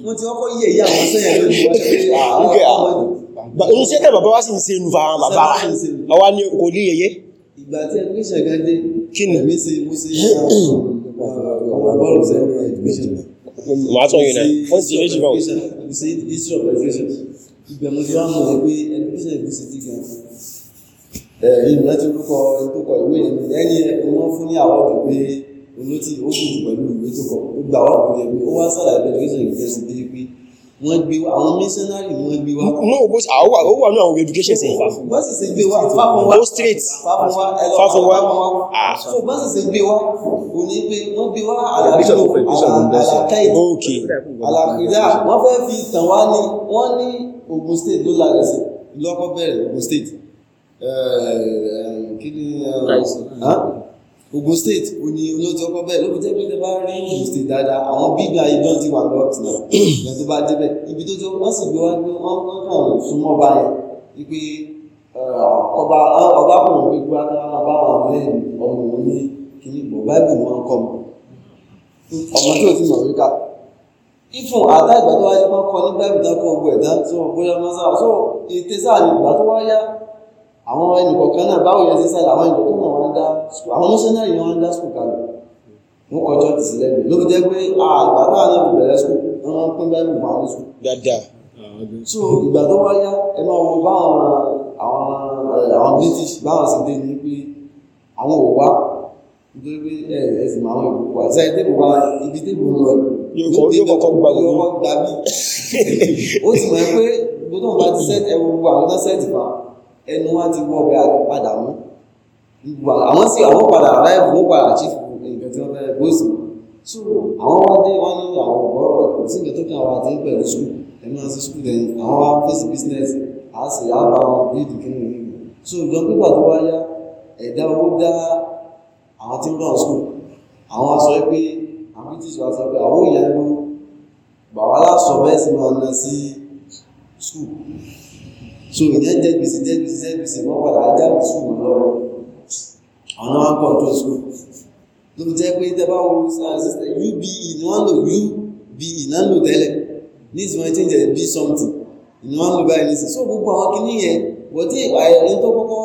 wọ́n ti kọ́kọ́ yẹ̀ yí àwọn sẹ́yìn lónìí wọ́n ti bí ah, àwọn ọmọdé iṣẹ́ tẹ́ bàbá wá sí ṣe nù fara bàbá ọwá ní kò ní yẹyẹ ìgbà tí ẹgbẹ́ ìṣẹ̀gáde kí ni mí sí mú olóti ó kùn pẹ̀lú ìwé tó kọ̀ ó gbà wọ́n pẹ̀lú ó wá sára ìbẹ̀rẹ̀ ìṣẹ̀gbẹ̀rẹ̀ sí pé wọ́n gbé wá àwọn missionary wọ́n gbé wá. no bó ṣe àwọn àwọn wà ní àwọn education ṣe fà fún. bó sì ṣe gbé wá fáfún wa. go straight fáfún wa fáfún wa. so bó sì ṣe gbé wá kò ní pé wọ́n gbé wá àlàkìlá àlàkìlá ok àlàkìlá wọ́n fẹ́ fi tàn wá ní wọ́n ní Ogun State ló la rẹ̀ sí lọ́kọ́ bẹ̀rẹ̀ Ogun State kí ni. Ogun State ó ní olóòtú ọkọ bẹ́ẹ̀ ló fi jẹ́ pé tẹ bá rí Ogun State dáadáa àwọn bígbà ìdán ti wà lọ́ọ̀tì náà ìyẹn tó bá débẹ̀ ibi tó tó wọ́n sì gbé wá pé wọ́n kàn súnmọ́ ọba yẹn wípé ọba ọba kò wọ́n gbégbá kí wọ́n bá wọn lẹ́yìn ọmọ òun ní kíní bọ̀ báìbù wọn kọ́ mu ọmọ tó ti mọ̀ wíkà ifun àdá ìgbà tó wáyé máa kọ ní báìbù dákọ̀ ọgbọ ẹ̀dá tó wọ́n bóyá máa sá àwọn ètè sáà ní ìgbà tó wáyá àwọn ẹnìkọ̀ọ̀kan náà dá àwọn mọ́sánárì ni wọ́n dá skul kalẹ̀ wọ́n kọ́ chọ́ọ̀tì sílẹ̀ bẹ̀ ló fi jẹ́ pé àgbà náà náà fi bẹ̀rẹ̀ skul wọ́n pín bẹ́ẹ̀ mú àwọn skul. dáadáa. so ìgbà tó wá yá ẹ máa wo báwọn àwọn àwọn eh, british báwọn sì dé ní pé àwọn ò wá nítorí pé ẹ ẹ sì máa ń wọ àti ẹ débò bá ibi débò lọ yóò kọ́kọ́ gba gbogbo yóò kọ́kọ́ gba bí ó sì mọ̀ pé gbogbo náà bá ti sẹ́ẹ̀tì ẹ wo àwọn sẹ́ẹ̀tì kan ẹnu wa ti wọ́ bẹ́ẹ̀ padà mú gbogbo àwọn sì àwọn padà ráìbù wọn padà chief nǹkan tí so àwọn wá dé wọn ní àwọn ọgbọrọ kò sí nǹkan tó kí àwọn àti pẹ̀lú sùkúl ẹni business à á sì á bá so ìjọ pípa tó wá yá ẹ̀dá owó dá àwọn tí ń bọ̀ sùkúl àwọn aṣọ pé àwọn british wa sọ pé àwọn èèyàn ló bàbá aláṣọ so ìyẹn jẹ́ gbèsè jẹ́ gbèsè jẹ́ gbèsè wọ́n padà á àwọn wọn kọ̀ tó sùn ló fi jẹ́ pé tẹ́bá wo sáà sísẹ̀ ube ni wọ́n lò ube náà lò tẹ́lẹ̀ ní ìsìnkú ẹtí ń jẹ́ be something ni wọ́n lò báyìí nísìnyí so gbogbo àwọn kìíní yẹn wọ́n ti àyẹ̀wò tó kọ́kọ́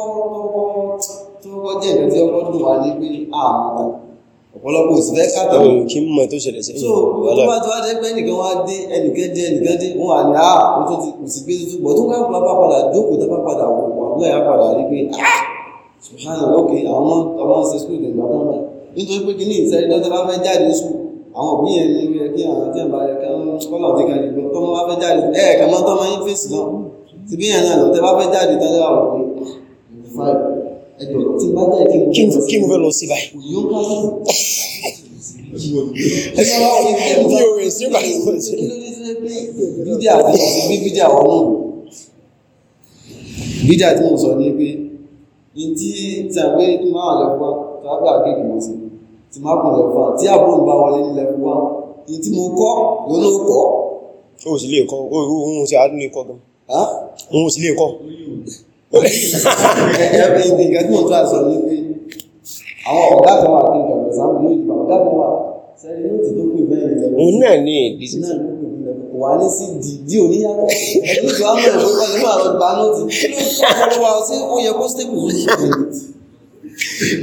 tó kọ́kọ́ jẹ́ ìgbà tí ọkọ̀ dùn wá ní pé àmọ́ta ọ̀pọ̀lọpọ̀ òsì fẹ́ kàtàwọn kí mọ̀ tó ṣẹlẹ̀ sí so tó bá tó wá jẹ́ pé ẹnìkan wá dé ẹnìkan dé ẹnìkan dé wọn àní àà ó tó ti kò sí gbé tuntun bọ̀ tó ká padà jókòó tó bá padà wọ̀ wọ́n náà yà padà rí pé ah ṣùgbọ́n ok àwọn ọmọ ọmọ ń ṣe skul ìgbà kan náà nítorí pé kínní ìṣẹ́rí lọ́tọ́ bá fẹ́ jáde skul àwọn òbí yẹn ni yẹ kí àwọn tí ń bá yẹ ká kọ́lá ọ̀dẹ́ kan ìgbà tó wọ́n bá fẹ́ jáde ẹ̀ kà máa tọ́ máa yín fèsì náà ti bí yẹn náà lọ tẹ́ bá fẹ́ jáde tẹ́lẹ̀ àwọn òbí ẹjọ́ tí bá jẹ́ kí n kí n fẹ́ lọ sí báyìí. ẹ sọ wá ní pos yóò bá yóò ṣe. bídíà tí mo sọ ní pé ntí tàwé máa lẹ fún wa tàbí àgbègbè mọ sí tí máa kàn lẹ fún wa tí àbúrò ń bá wọlé nílẹ fún wa ntí mo kọ lónà ó kọ. o sì lè kọ o òun sì àdúgbò kọ gan. òun sì lè kọ. ẹbí ìdíkẹ́ tí mo tún àṣọ ni pé àwọn ọ̀gá kan wà kí n kẹ̀kẹ́ sáà ń ìgbà ọ̀gá kan wà òun náà ní ìdí wà ní sí dìdí oníyàrá ẹni tó á mọ̀ ẹ̀rọ pẹ̀lú àwọn ìgbà náà ti kí ló sọ ó yẹ kó stable ní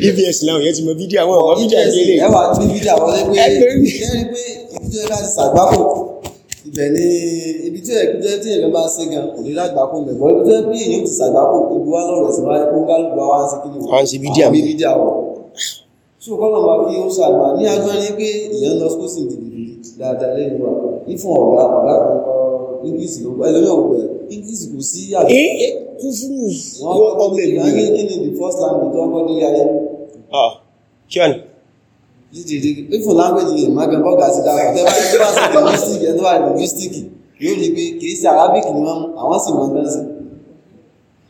EVS náà yẹn ti mọ fídíò àwọn ọmọ fídíò àgbélé ẹ wà ní fídíò àwọn ẹgbẹ́ ẹgbẹ́ rí pé ibi tó yẹ láti ṣàgbákò ibẹ̀ ni ibi tí ẹ̀kújẹ́ tí èèyàn bá ṣe gan kò ní lágbàkó mẹ́gbọ́n ibi tó yẹ pé èèyàn ti ṣàgbákò ibi wá lọ́rọ̀ sí wáyé kó ń wá sí kí ni wọ́n tí ó kọ́nà wá kí ó ṣàgbà ní agbárí pé èèyàn lọ sí kóṣì dìgbìdì dáadáa lẹ́yìn wa ìfún ọ̀gá ọ̀gá kan kọ́ ingilisi ló gbọ́ ẹlẹ́yìn ọ̀gbẹ́ ingilisi kò sí àgbẹ̀ kú fún wọn ọmọ ìlú ní kí ni the first language tó ń kọ́ nílé ayé. Ah, kí wọ́n ní. dídì ìfún language yìí magan bọ́gà ti dára tẹ́ wáyé tó bá sọ linguistic ẹ̀ tó wà pé kì í ṣe arabic ni wọ́n àwọn sì mọ̀ ọ́n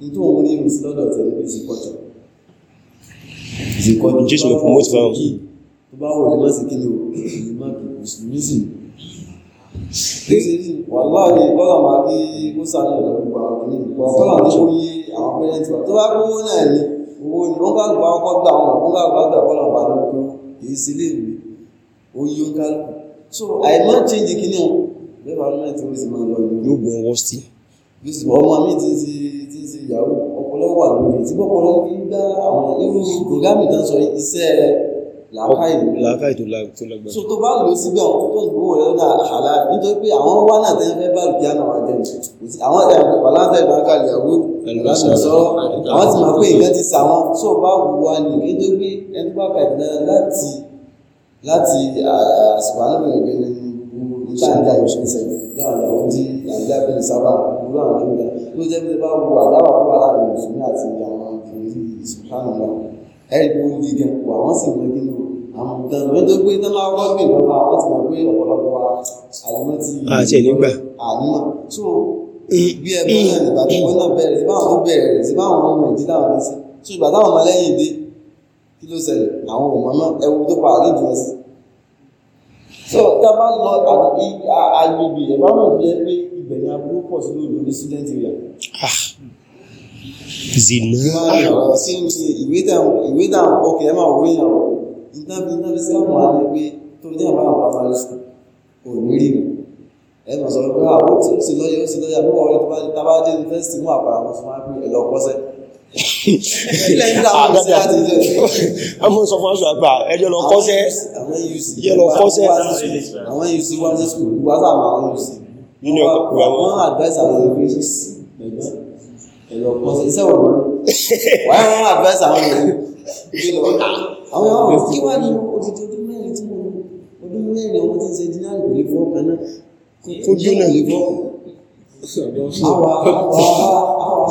Into only in slow dot and busy quarter. Jésù ló promote fáwọn. Tó bá wọ̀ ní má sì kíni o, èyí má kì í sùn nísì. Lẹ́sìn wàhálà ni kọ́là máa kí kó sáré ọ̀dọ̀ gbogbo àwọn kìíní. Ìgbà kọ́là ní kó yé àwọn pẹ́rẹ́ntì wa. Tó bá kówó náà ni owó ni wọ́n bá gba ọkọ̀ gbà wọn, wọ́n bá gba kọ́là bá lọ kó èyí sí léèwé. Oyè ó kálukú. So àìmọ́ change kíní o. Bẹ́ẹ̀ bá lọ́nà tí ó sì máa lọ. Yóò gbọ́ wọ́ọ́sì. Bí ó sì bọ́ ọmọ mi ti ti ìyàwó ọpọlọ wà lórí tí bọ́pọlọ fi ń dá àwọn irú gògámì tán sọ iṣẹ́ làákàyè tó lágbára. so tó bá lò ó síbẹ̀ àwọn tó ń gbowó rẹ̀ lọ́dà àlá nítorí pé àwọn wá náà tẹ́lẹ̀ fẹ́ bá lùkí àná wájẹ́ àwọn ẹ̀rọ balance ẹ̀rọ àkàlẹ̀ àwọn ìlànà sọ àwọn ti máa pé nǹkan ti sà wọn tó bá wù wá ní nítorí ẹni bá kà ìdáná láti láti àsìkò àlọ́bìnrin ní ìgbà ló jẹ́ pé bá wo àdáwà tó wà láàrin mùsùlùmí àti àwọn ìrírí ìsùnkánùlá ẹ̀rí pé ó le gan wà wọ́n sì mọ nínú àwọn ìtàn ló tó pé tán láwọ́ gbìn lọ́pàá wọ́n ti mọ̀ pé ọ̀pọ̀lọpọ̀ wa àyẹ̀mọ́ ti àti ẹ̀nígbà ànímọ̀ tó bí ẹgbẹ́ náà nígbà tó náà bẹ̀rẹ̀ sí báwọn bẹ̀rẹ̀ sí báwọn ọmọ ìdí táwọn ní tó ìgbà táwọn ọmọlẹ́yìn dé kí ló ṣẹlẹ̀ àwọn ọmọ náà ẹwu tó pa àlejò ẹ̀sìn. tó tá a bá lọ àgbègbè ẹ̀fọ́ náà fi ẹ pé ibẹ̀ ni aburú pọ̀ sí lónìí ní student area. Ah, zina. ìwé dàn ọkẹ́ ẹ máa wọ èèyàn nítorí nítorí sí àwọn àlẹ́ pé tó ní àwọn àwọn primary school kò ní rí mi ẹ mọ̀ sọ̀rọ̀ pé ah, àwọn tí ó sì lọ́yẹ̀ ó sì lọ́yẹ̀ àbúrò ọ̀rẹ́ tó bá tá bá dé yunifásitì mú àpàrà wọn sọ ah, máa ń pè é lọ́kọ́sẹ́ àmọ́ sọ fún aṣọ àgbà ẹjọ́ lọ kọ́sẹ́ àwọn uc wá sí school wá sáà àwọn uc nínú ọkọ̀ wa. wọ́n advice àwọn olùgbèsì sí ẹ̀gbọ́n ẹ̀rọ ọ̀pọ̀sẹ̀ iṣẹ́ wò wọ́n wáyé wọ́n advice àwọn olùgbèsì ah, àwọn ọ̀rọ̀ kí wá ní odidi ọdún mẹ́rin tí mo ọdún mẹ́rin àwọn tí ń ṣe dínà lò lè fọ́ kan náà kó jóná lè fọ́.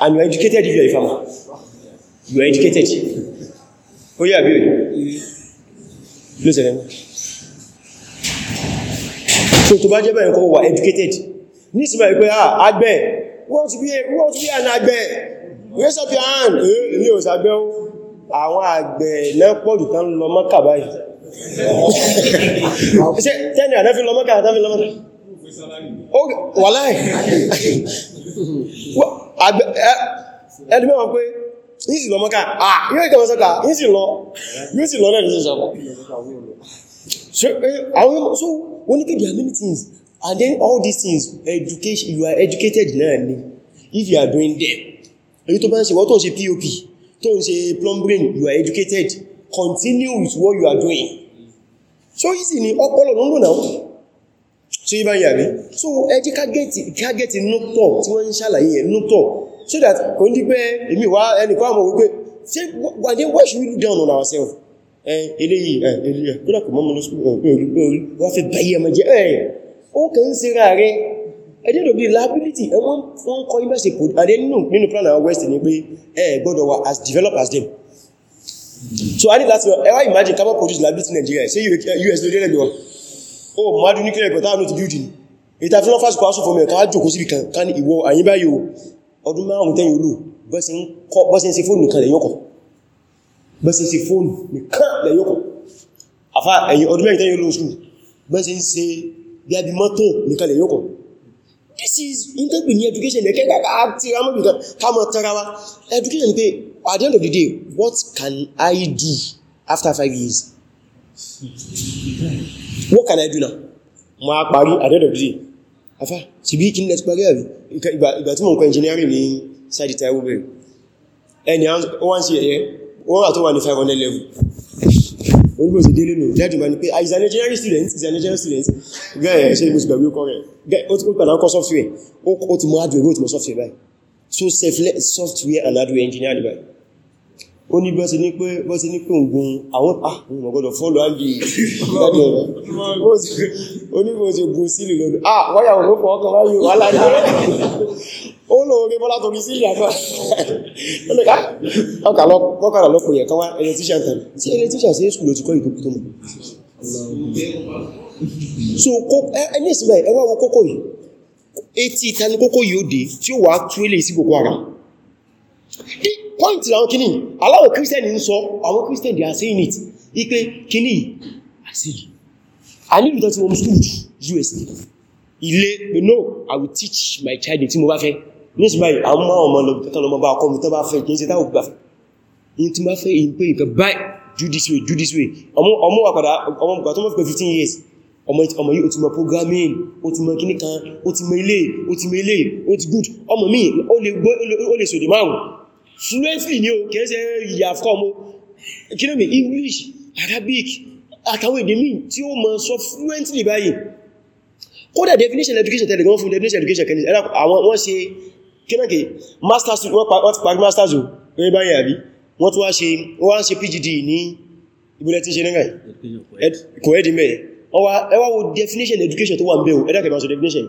and you are educated if you are a farmer you are educated Oh yeah, bí òyìn ló sẹ̀rẹ̀ mú so tó bá jẹ́ bẹ̀rẹ̀ kọ́ wà educated ní ìsinmi pé ah àgbẹ̀ wọ́n ti bí àná àgbẹ̀ raise up your hand ní òsà gbẹ́ àwọn àgbẹ̀ náà pọ̀jù tán lọ mọ́kà báyìí tẹ́nì àdáfin lọ mọ́kà àdáfin lọ mọ́kà wàláì ẹni mẹ́wọ̀n pé yìí sì lọ mọ́ká yóò ìkẹ̀mọ́ sọ́kà yìí sì lọ yóò sì lọ náà nìsọ́sọ́ so wọ́n ní kí there many things and then all these things education you are educated náà ni if you are doing them èyí tó bá ń ṣe wọ́n tó ń ṣe pop tó ń ṣe plumbing you are educated continue with what you are doing so easy ni ọpọlọ lọ́nà náà so yíba yàrí so ẹjí kágẹ́tì nútọ̀ tí wọ́n ń ṣàlàyé yẹn nútọ̀ so that kò ń dí pé èmi wá ẹnìkan àmọ̀ wípé ṣe wàdé what should we do down on ourselves eléyìí eléyìí kódà kò mọ́mọ́ lọ́sùgbọ́n wọ́n fẹ́ báyìí ẹmọ jẹ́ ẹ̀ ó kẹ́ ń ṣe ra rẹ̀ ẹjẹ́ tó bí liability ẹwọ́n wọ́n kọ́ yúnbẹ̀sì kò adé nínú plan àwọn west ni pé ẹ gbọ́dọ̀ wà as develop as them so a ní láti ẹwà imagine carbon produce liability Nigeria ṣe US ló dẹ́rẹ̀ bí wọn Oh, ó mọ́dún ní kílẹ̀ ìpẹ̀tà àánú ti bíúdì ní ìta fún lọ́fàṣù pàásù fún mẹ́rin ká jòkó sí ìkan ká ní ìwọ àyín báyìí o ọdún márùn tẹ́yìn olú bọ́sí ń ṣe fóònù nìkan lẹ́yọ́kọ̀ bọ́sí ń ṣe fóònù nìkan lẹ́yọ́kọ̀ afá ẹ̀yìn ọdún mẹ́rin tẹ́yìn olú skul bọ́sí ń ṣe bí a bí mọ́tò nìkan lẹ́yọ́kọ̀ this is interpret ní education ní kẹ́kẹ́ ká ti ra mọ́bí kan ká mọ́ tara wa education ni pé at the end of the day what can I do after five years what can I do now mo a parí at the end of the day afá ti bí kí ní lẹ́tí parí àrí ìgbà tí mo ń kọ engineering ní sáàdì taiwo bẹ̀rẹ̀ ẹni wọ́n sí here, wọ́n àtọ́ wà ní 500 level onígbò sí délé nù lẹ́dùn bá ní pé is ah, an engineering student is an engineering student gẹ́ẹ̀ ṣe mo sì gbàgbé ọkọ rẹ̀ ó ti padà ọkọ software ó ti mọ́ hardware ó ti mọ́ software báyìí so software and hardware engineer báyìí ó ní bọ́sí ní pé bọ́sí ní pé ògùn àwọn àwọn ọ̀gọ́dọ̀ fọ́lù áńdì ìgbàdì ọ̀rọ̀ ó ní bọ́sí ogun sílì lọ́dún ah wáyà òun ó fọ́ọ̀kan wáyé wà láàrín ó lò orí bọ́lá torí sílì àgbà ah, ọkàlọ́ lọ́pọ̀ yẹ̀ kan wá electrician tẹ̀lé sí electrician sí èsù ló ti kọ́ ìdókù tó mọ̀ so ẹni ìsinmi ẹwà wo kókó yìí etí ìtanikókó yìí ó dé tí ó wà á tú ilé sí gbogbo ara point àwọn kìíní aláwọ̀ christian ń sọ àwọn christian they are saying ipé kìíní àṣírí a nílùú tó ti wọ́n school jù us ilé pé no i will teach my child tí mo bá fẹ́ nísì báyìí àwọn ọmọ ọmọ lọ tẹ́tọ́ lọ bá ọkọ̀ tó bá fẹ́ kìí ṣe táwọn gbà fẹ́ in tí bá fẹ́ in pé nǹkan báyìí do this way do this way ọmọ wà padà ọmọ bùkà tó mọ́ fi pé 15 years ọmọ yìí o ti mọ̀ programming o ti mọ̀ kíní kan o ti mọ̀ ilé o ti mọ̀ ilé o ti good ọmọ mi o lè sòdè fluently ni o kẹsẹ̀ ìyà fọ́mọ́ kí ló mẹ́ English Arabic àtàwọn èdè míì tí ó mọ̀ sọ fluently báyìí kódà definition education tẹ́lẹ̀ wọ́n fún definition education kẹ́lẹ̀ ẹ̀rọ àwọn wọ́n ṣe kínáàkì masters wọ́n parí masters o rẹ̀ báyìí àbí wọ́n tún wá ṣe wọ́n ṣe PhD ní ibùdó tí ṣe nígbà kò ẹ́dì mẹ́rẹ̀ ẹ wá wo definition education tó wà ń bẹ̀ o ẹ̀dàkẹ̀ máa sọ definition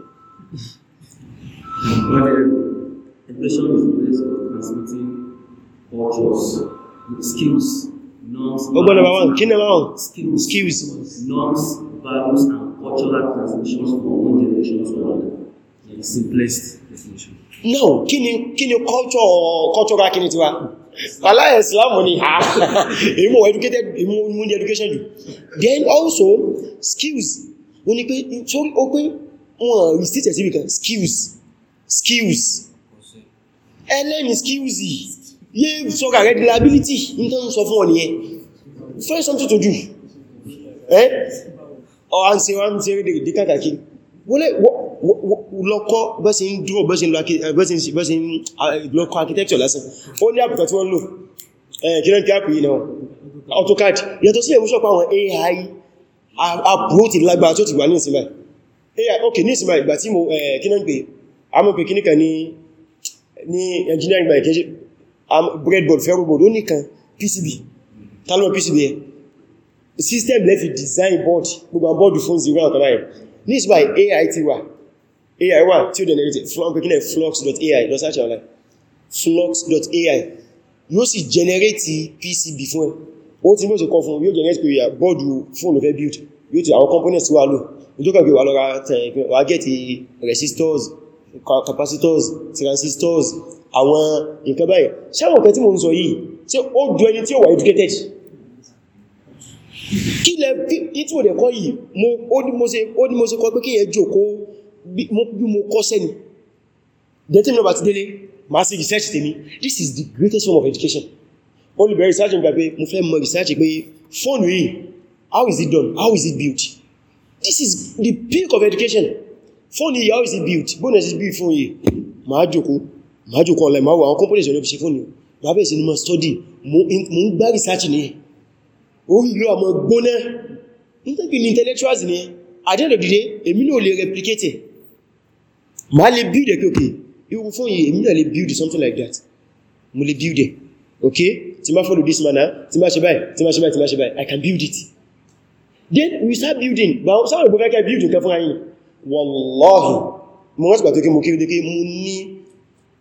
what skills, norms, oh, number one, kí number one, skills, skills, norms, values, and cultural transmissions from one generation to another. The simplest definition. No, kí ni, culture or culture, cultural kí ni tiwa? Wàlá Islam ni ha, èyí educated, èyí mọ̀ ní education jù. Then also, skills, o ní pé, sorry, o pé, wọ́n rí state ẹ̀sí skills, skills, ẹlẹ́ni skills yìí yé sọ́ra rẹ̀ liability in tó ń sọ fún ọ̀nìyàn find something to do ẹ́ ọ̀há ń ṣe wá ń ṣe rédè dé kàkàkí wọlé lọ́kọ́ bẹ́sẹ̀ ń dúró bẹ́sẹ̀ lọ́kọ́ architecture lásán ó ní àpùtà tí wọ́n lò kílẹ̀ kí ápù yìí náà AutoCAD yàtọ̀ sí ẹ̀wúṣọ́ pa àwọn AI àpùrò ti lágbà tó ti wà ní ìsinmi AI ok ní ìsinmi ìgbà tí mo kílẹ̀ ń pè àmọ́ pè kíníkà ní engineering by education breadboard ferroboard ó nìkan PCB tálọ́ PCB ẹ system lẹ́fi design board gbogbo bọ́ọ̀dù fún zero and kọ̀láyẹ̀ ní ìsìnbà AI ti wà AI wà tí ó dẹ̀ nẹ́rẹ́tẹ̀ fún pẹ̀kínlẹ̀ flux.ai lọ sáàtì ọ̀lá flux.ai yóò sì generate PCB fún ẹ ó ti mọ́ sí kọ fún yóò generate pé bọ́ọ̀dù fún olùfẹ́ build yóò ti àwọn components wà lò ní tó kàgbé wà lọ́ra tẹ̀ wà get capacitors transistors àwọn nǹkan báyìí ṣẹ́wọ̀n kan tí mo ń sọ yìí tí ó jù ẹni tí ó wà educated kí lẹ tí ò dẹ̀kọ́ yìí ó ní mo ṣe kọ́ pé kí yẹ jòkó bí mo kọ́ sẹ́ni dẹ̀tí mi náà bá ti délé ma sí research tèmi this is the greatest form of education olùbẹ̀rẹ̀ research ń gbà pé mo fẹ́ mọ research pé phone yìí how is it done how is it built this is the peak of education fóònù yìí how is it built bóònù is built fóònù yìí máa jòkó máa jòkó ọ̀lẹ̀ máa wà àwọn companies ọ̀lẹ́ ṣe fóònù máa bẹ̀rẹ̀ sí ní máa study mo ń gbá research ní orí ìlú àmọ́ gbóná interview ní intellectuals ní àjẹ́lò dìde èmi náà lè replicate máa lè build ẹ̀kẹ́ òkè irú fóònù yìí èmi náà lè build something like that mo lè build it okay tí máa follow this manner tí máa ṣe báyìí tí máa ṣe báyìí tí máa ṣe báyìí i can build it then we start building but some of sáwọn ìgbọ́fẹ́kẹ́ build nǹkan fún ayé wallahi mo rántí pàtàkì kí mo kí dékí mo ní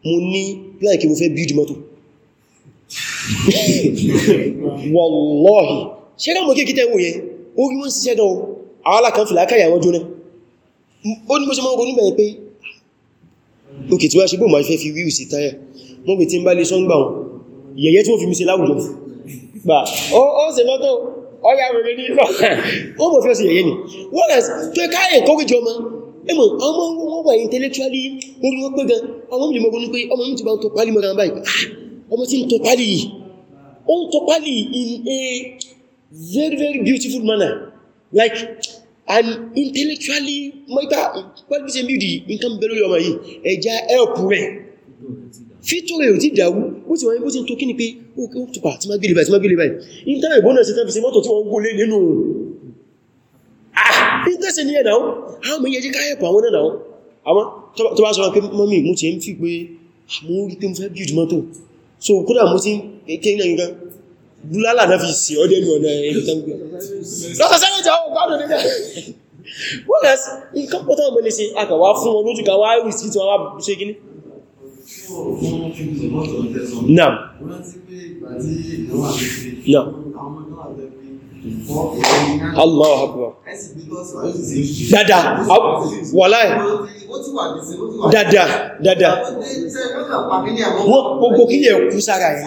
mo ní pláì kí mo fẹ́ bíjú mọ́tò wallahi ṣe rá mo kí kíta ẹwò yẹn ó rí wọ́n ṣiṣẹ́ dán àwọ́lá kan fìlà káyà wọ́n jóná ó ní mo ṣe mọ́ ronú bẹ̀rẹ̀ pé òkè tí wá ṣe bó ma fẹ́ fi wíwù sí táyà mo gbé tí ń rẹ̀ ní ìlọ́ ó fẹ́ sí yẹ̀yẹ́ ni wọ́n rẹ̀ tó káyẹ̀ kọ́gbìjọ mọ́ ẹmọ̀ ọmọ wọn wà intellectually wọ́n rí wọ́n pé gan ọmọ mi mọ̀ ní pé ọmọ mi ti bá ń tọ pálí mọ́ra báyìí ah, ọmọ tí ń tọ pálí yìí ó ń tọ pálí in a very very beautiful manner like an intellectually mọ́ta pálí ṣe bíi nǹkan bẹ̀rẹ̀ ọmọ yìí ẹja help rẹ̀ fítọ́ rẹ̀ ò ti dàwú bó ti wọ́n bó ti ń tọ kí ni pé ó kí ó tọpa tí má gbé lè báyìí tí má gbé lè báyìí Ah, business ni ẹ̀nà àwọn mẹ́yẹ jẹ́ káyẹ̀pọ̀ àwọn ẹ̀nà àwọn tó bá sọ́rọ̀ pé mọ́mí mú ti ń fi pé ah, mú rí pé mú fẹ́ build mọ́tò so kódà mú ti kéèké ní ẹ̀yìnká búlálà náà fi sí ọdẹ́ ní ọ̀nà ẹ̀yìn tán gbé lọ́sọ̀ sẹ́yìn jà ó gbádùn nílẹ̀ wọ́n lẹ́s nǹkan pọ́tọ́ ọmọ ní Allah akbar. Dada wàláì dada dada wọ́n gbogbo kí yẹ kú sára ẹ̀.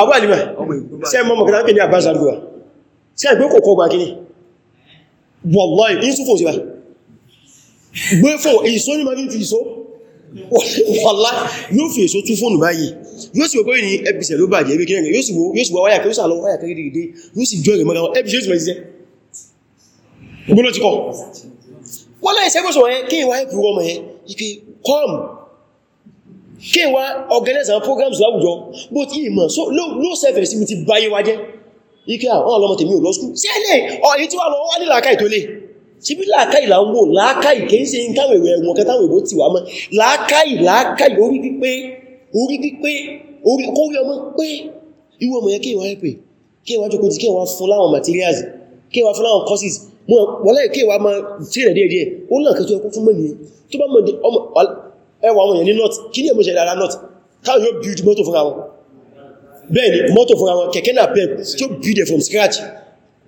Àwọn àlìmọ̀ ṣe mọ́ mọ̀kànlá pè ní àbáṣà lúwà. Ṣe ẹgbẹ́ kòkó gbà kí ní? Wàláì, ìsúfò sí wa. Gbé fò, ìsó ní ma fi ìsó wọ́lá yóò fi èso tún fóònù báyìí yóò sì wọ́pẹ́ ní ẹbìsẹ̀ ló bàjẹ́ ibi kílẹ̀ yóò sì wọ́ yóò sì wọ́ wáyà kí ó sà lọ wáyà kí dìde yóò sì jọ ìrìnmọ́ àwọn ẹbìsẹ̀ yóò sì gbọ́nà ti kọ́ wọ́n láì sẹ́gbọ́sọ̀ wọ́n kí wá ẹ̀kù rọmọ ẹ̀ ike com kí wá organize àwọn programs láwùjọ bó ti ìmọ̀ so low service mi ti báyé wájẹ́ ike àwọn ọlọ́mọ tèmi ò lọ school sí ẹ̀lẹ́ ọ̀yí tí wà lọ wá nílàkà ìtòlé síbí làákàì là ń wò làákàì kìí ṣe ń káwẹ̀ rẹ̀ wọn kẹtàwẹ̀ ìbò tí wà mọ́ làákàì làákàì orí pípé orí pípé orí kórí ọmọ pé irú ọmọ yẹ kíwà ẹ̀pẹ̀ kíwà jókòó ti kíwà fún láwọn materials kíwà fún láwọn courses wọ́lẹ̀ kíwà ma tí rẹ̀ díẹ̀díẹ̀ ó làn kẹtù ẹkùn fún mẹ́rin tó bá mọ̀ ẹwà àwọn èèyàn ní north kí ní ẹmọ́ṣẹ́ lára north káwọn yóò build mọ́tò fúnra wọn bẹ́ẹ̀ ni mọ́tò fúnra wọn kẹ̀kẹ́ náà pẹ́ tí ó build from scratch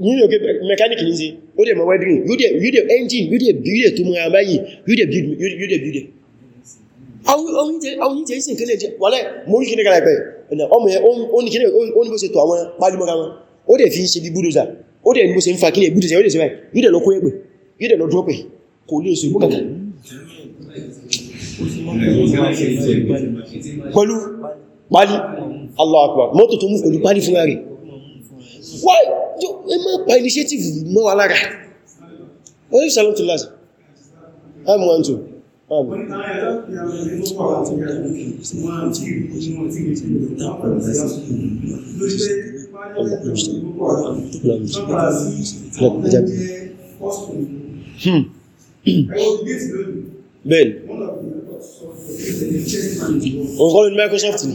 nílò pé mẹkáníkì ní sí ó dẹ̀ mọ̀ wẹ́dìrín yóò dẹ̀ engine yóò dẹ̀ build tó múra báyìí yóò dẹ̀ build àwọn yìí tẹ́ ìsìn kílẹ̀ jẹ́ wà láì mọ́ ní kílẹ̀ kàlẹ̀ pẹ̀lẹ̀ ọmọ ẹ̀ ó ní kílẹ̀ ó ní bó ṣe tó àwọn pálímọ́ra wọn ó dẹ̀ fi ń ṣe bí búdóza ó dẹ̀ ní bó ṣe ń fa kílẹ̀ búdóza ó dẹ̀ ṣe báyìí yóò dẹ̀ lọ kó ẹgbẹ̀ yóò dẹ̀ lọ dúrọ́pẹ̀ kò lè ṣe ìgbókàtà pẹ̀lú pálí Allah akbar mọ́tò tó mú pẹ̀lú pálí fún ara why ẹ má pa initiative mọ́ wa lára wọ́n yóò sàlọ́tù láti i'm one two Bẹ́ẹ̀ni, òun kọ́ lórí Microsoft ni.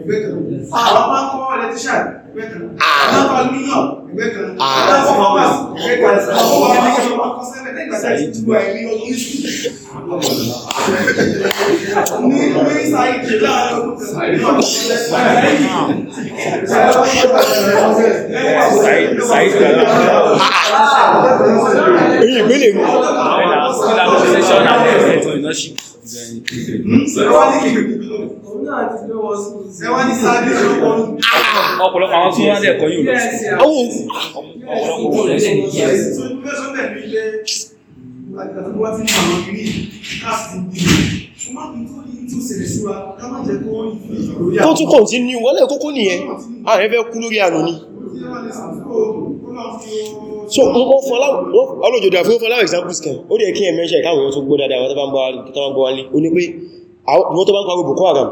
ẹgbẹ́ kan àwọn máa ń kọ́ ẹlẹtíṣà ẹgbẹ́ kan àwọn máa ń lúyàn ẹgbẹ́ kan àwọn máa ń kọ́ wá ẹgbẹ́ kan àwọn máa ń kọ́ wá kọ́ sẹ́lẹ̀ nígbà tí a ti dúró ẹ̀mí ọdún yìí. ní ní sáyé jẹ láàárọ̀ sáyé sáyé jẹ láàárọ̀. èyí ìpínlẹ̀ ń ọ̀pọ̀lọpọ̀ àwọn tó wá ní ẹ̀kọ́ yìí lọ sí ọ̀pọ̀lọpọ̀ rẹ̀ lẹ́nu yẹ. tó tún kọ̀ọ̀tì ní wọ́lẹ̀ kókó nìyẹn ààrẹ ah, fẹ́ kú lórí àná ni so wọ́n fún ọlọ́jọ̀dá fún ọlọ́wọ̀ examples kan ó dẹ̀ kí ẹ mẹ́ṣẹ́ ìkáwọn èèyàn tó gbọ́ dáadáa wọ́n tó bá ń gbọ́ wálé o ní pé wọ́n tó bá ń pàgbò Boko Haram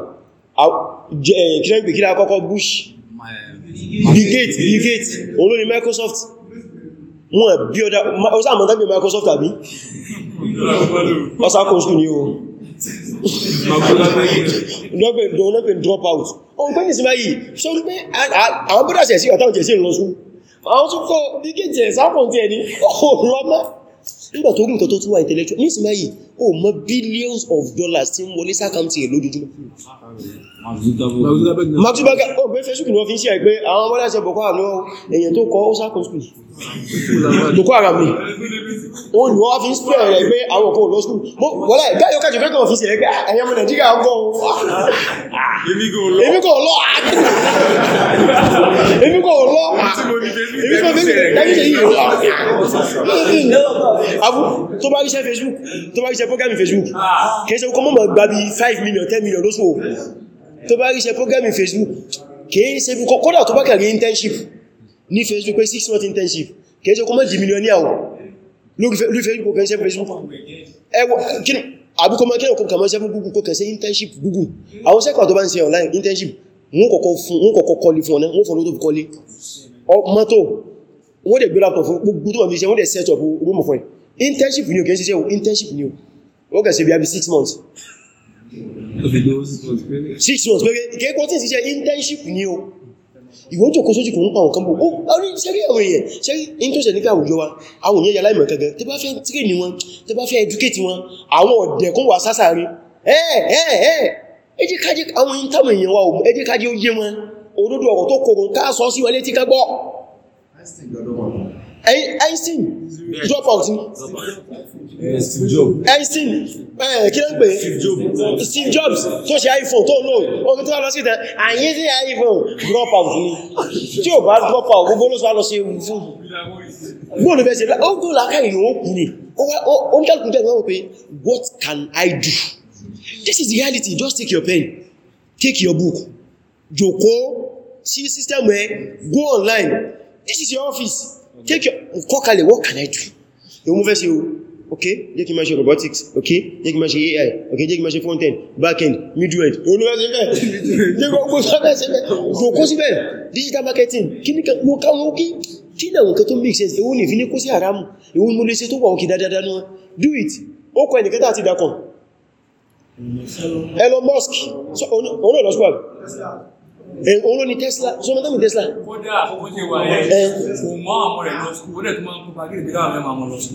kílẹ̀gbè kílẹ̀ akọ́kọ́ Bush Bill Gates Bill Gates òun ló ni Microsoft wọ́n bí ọdá ọsá àmọ́ dábí Microsoft àbí ọsá kòsù ni o lọ́gbẹ̀ drop out ọ̀pẹ́ nìsinmáyìí sọ wípé àwọn bọ́dá sẹ̀ sí ọ̀tá òjẹ̀ sí ìlọ́sùn àwọn tó kọ́ díkéjì ẹ̀sápọ̀ tí ẹni ọ̀rọ̀ mọ́ nígbà tó rí nǹkan tó tún wà intellectual ní ìsinmi ó mọ billions of dollars tí ń wọlé sákàmtì lójoojúmọ́. mazubaga ó gbé facebook ni wọ́n fi ń ṣe àìpé àwọn ọmọdé àṣẹ boko haram lọ́wọ́ èyàn tó kọ́ sákùn skul boko haram ni ó ní wọ́n fi ń spẹ́ rẹ̀ pé àwọn kò lọ skul wọ́lá gáyọ́ kájọ fẹ́ kàn fi ṣe rẹ̀ pé àyẹ́ ọmọ nàìjíríà ń gọ́ èmi kò lọ èmi kò lọ èmi kò fi ṣe rẹ̀ kájọ yìí lọ abu tó bá ríṣẹ́ facebook tó bá ríṣẹ́ program Facebook kìí ṣe kó mọ́ gbà bí 5 million 10 million lóṣù tó bá rí ṣe program Facebook kìí ṣe bí kódà tó bá kẹ̀rí internship ní Facebook pé 6 month internship kìí ṣe kó mọ́ di millionaire lórí Facebook kìí ṣe Facebook ẹwọ kíni àbúkọ mọ́ kíni kọkà mọ́ ṣe fún Google kọkà ṣe internship Google àwọn sẹ́kọ̀ tó bá ń ṣe online internship wọ́n kọ̀kọ́ kọlì fún ọ̀nà wọ́n fọ́n lótó kọlì mọ́tò wọ́n dẹ̀ gbé láptọ̀ fún gbogbo tó wọ́n fi ṣe wọ́n dẹ̀ set up rúmù fún internship ni o kìí ṣiṣẹ́ internship ni o wọ́n kẹ̀ sí bí i six months Six months pẹ̀lú ìkẹ́kọ́ tí ìṣẹ́ internship ní o ìwọ́n tó kó sójú kò ń pa ọ̀kan bò ó orí sẹ́rí àwọn èèyàn sẹ́rí internship nígbà àwùjọ wa àwọn èèyàn yàlá ìmọ̀ kẹgẹ tẹ́ bá fẹ́ train wọn tẹ́ bá fẹ́ educate wọn àwọn ọ̀dẹ̀ kún wà sásàárín ẹ́ẹ̀ẹ́ẹ̀ ẹjíkájí àwọn internship èèyàn wa ẹjíkájí ó yé wọn òdodo ọ̀rọ̀ tó kòrò ká sọ sí wọlé tí ká gbọ́ Einstein drop out ni eh, Einstein eh, kí ló ń pè Steve Jobs tó ṣe iPhone tó lò orí tó wà lọ sí ìtẹ́ àyín sí iPhone drop out ni tí ò bá drop out gbogbo ló sọ lọ sí fún gbóòlù bẹ́ẹ̀ sí ó gbóòlù lákàá ìlú ó kù ni ó ń kẹ́lùkù jẹ́ ìwọ́n pé what can I do this is reality just take your pen take your book jókòó sí system ẹ go online this is your office take your kọ́kalẹ̀ what can I do ewu mú fẹ́ sí o ok jẹ́ kí ma ṣe robotics ok jẹ́ kí ma ṣe ai ok jẹ́ kí ma ṣe front end back end middle end ewu ló fẹ́ sí bẹ́ẹ̀ jẹ́ gbogbo digital marketing kí ní kẹwọ́ káwọn kí kí ní àwọn nǹkan tó make sense ewu ní fi ní kó sí àrámù ewu mú lè do it ó kọ ẹnìkẹta àti Elon Musk so òun náà lọ sí Eh, òun ni tesla so mọ́ tẹ́mù tesla kódà àkókò tí wà ẹ̀ eh. kò mọ́ àwọn rẹ̀ lọ sí olóòrẹ̀ tó máa ń kó pàgírí bí káwọn mẹ́mọ̀ lọ sí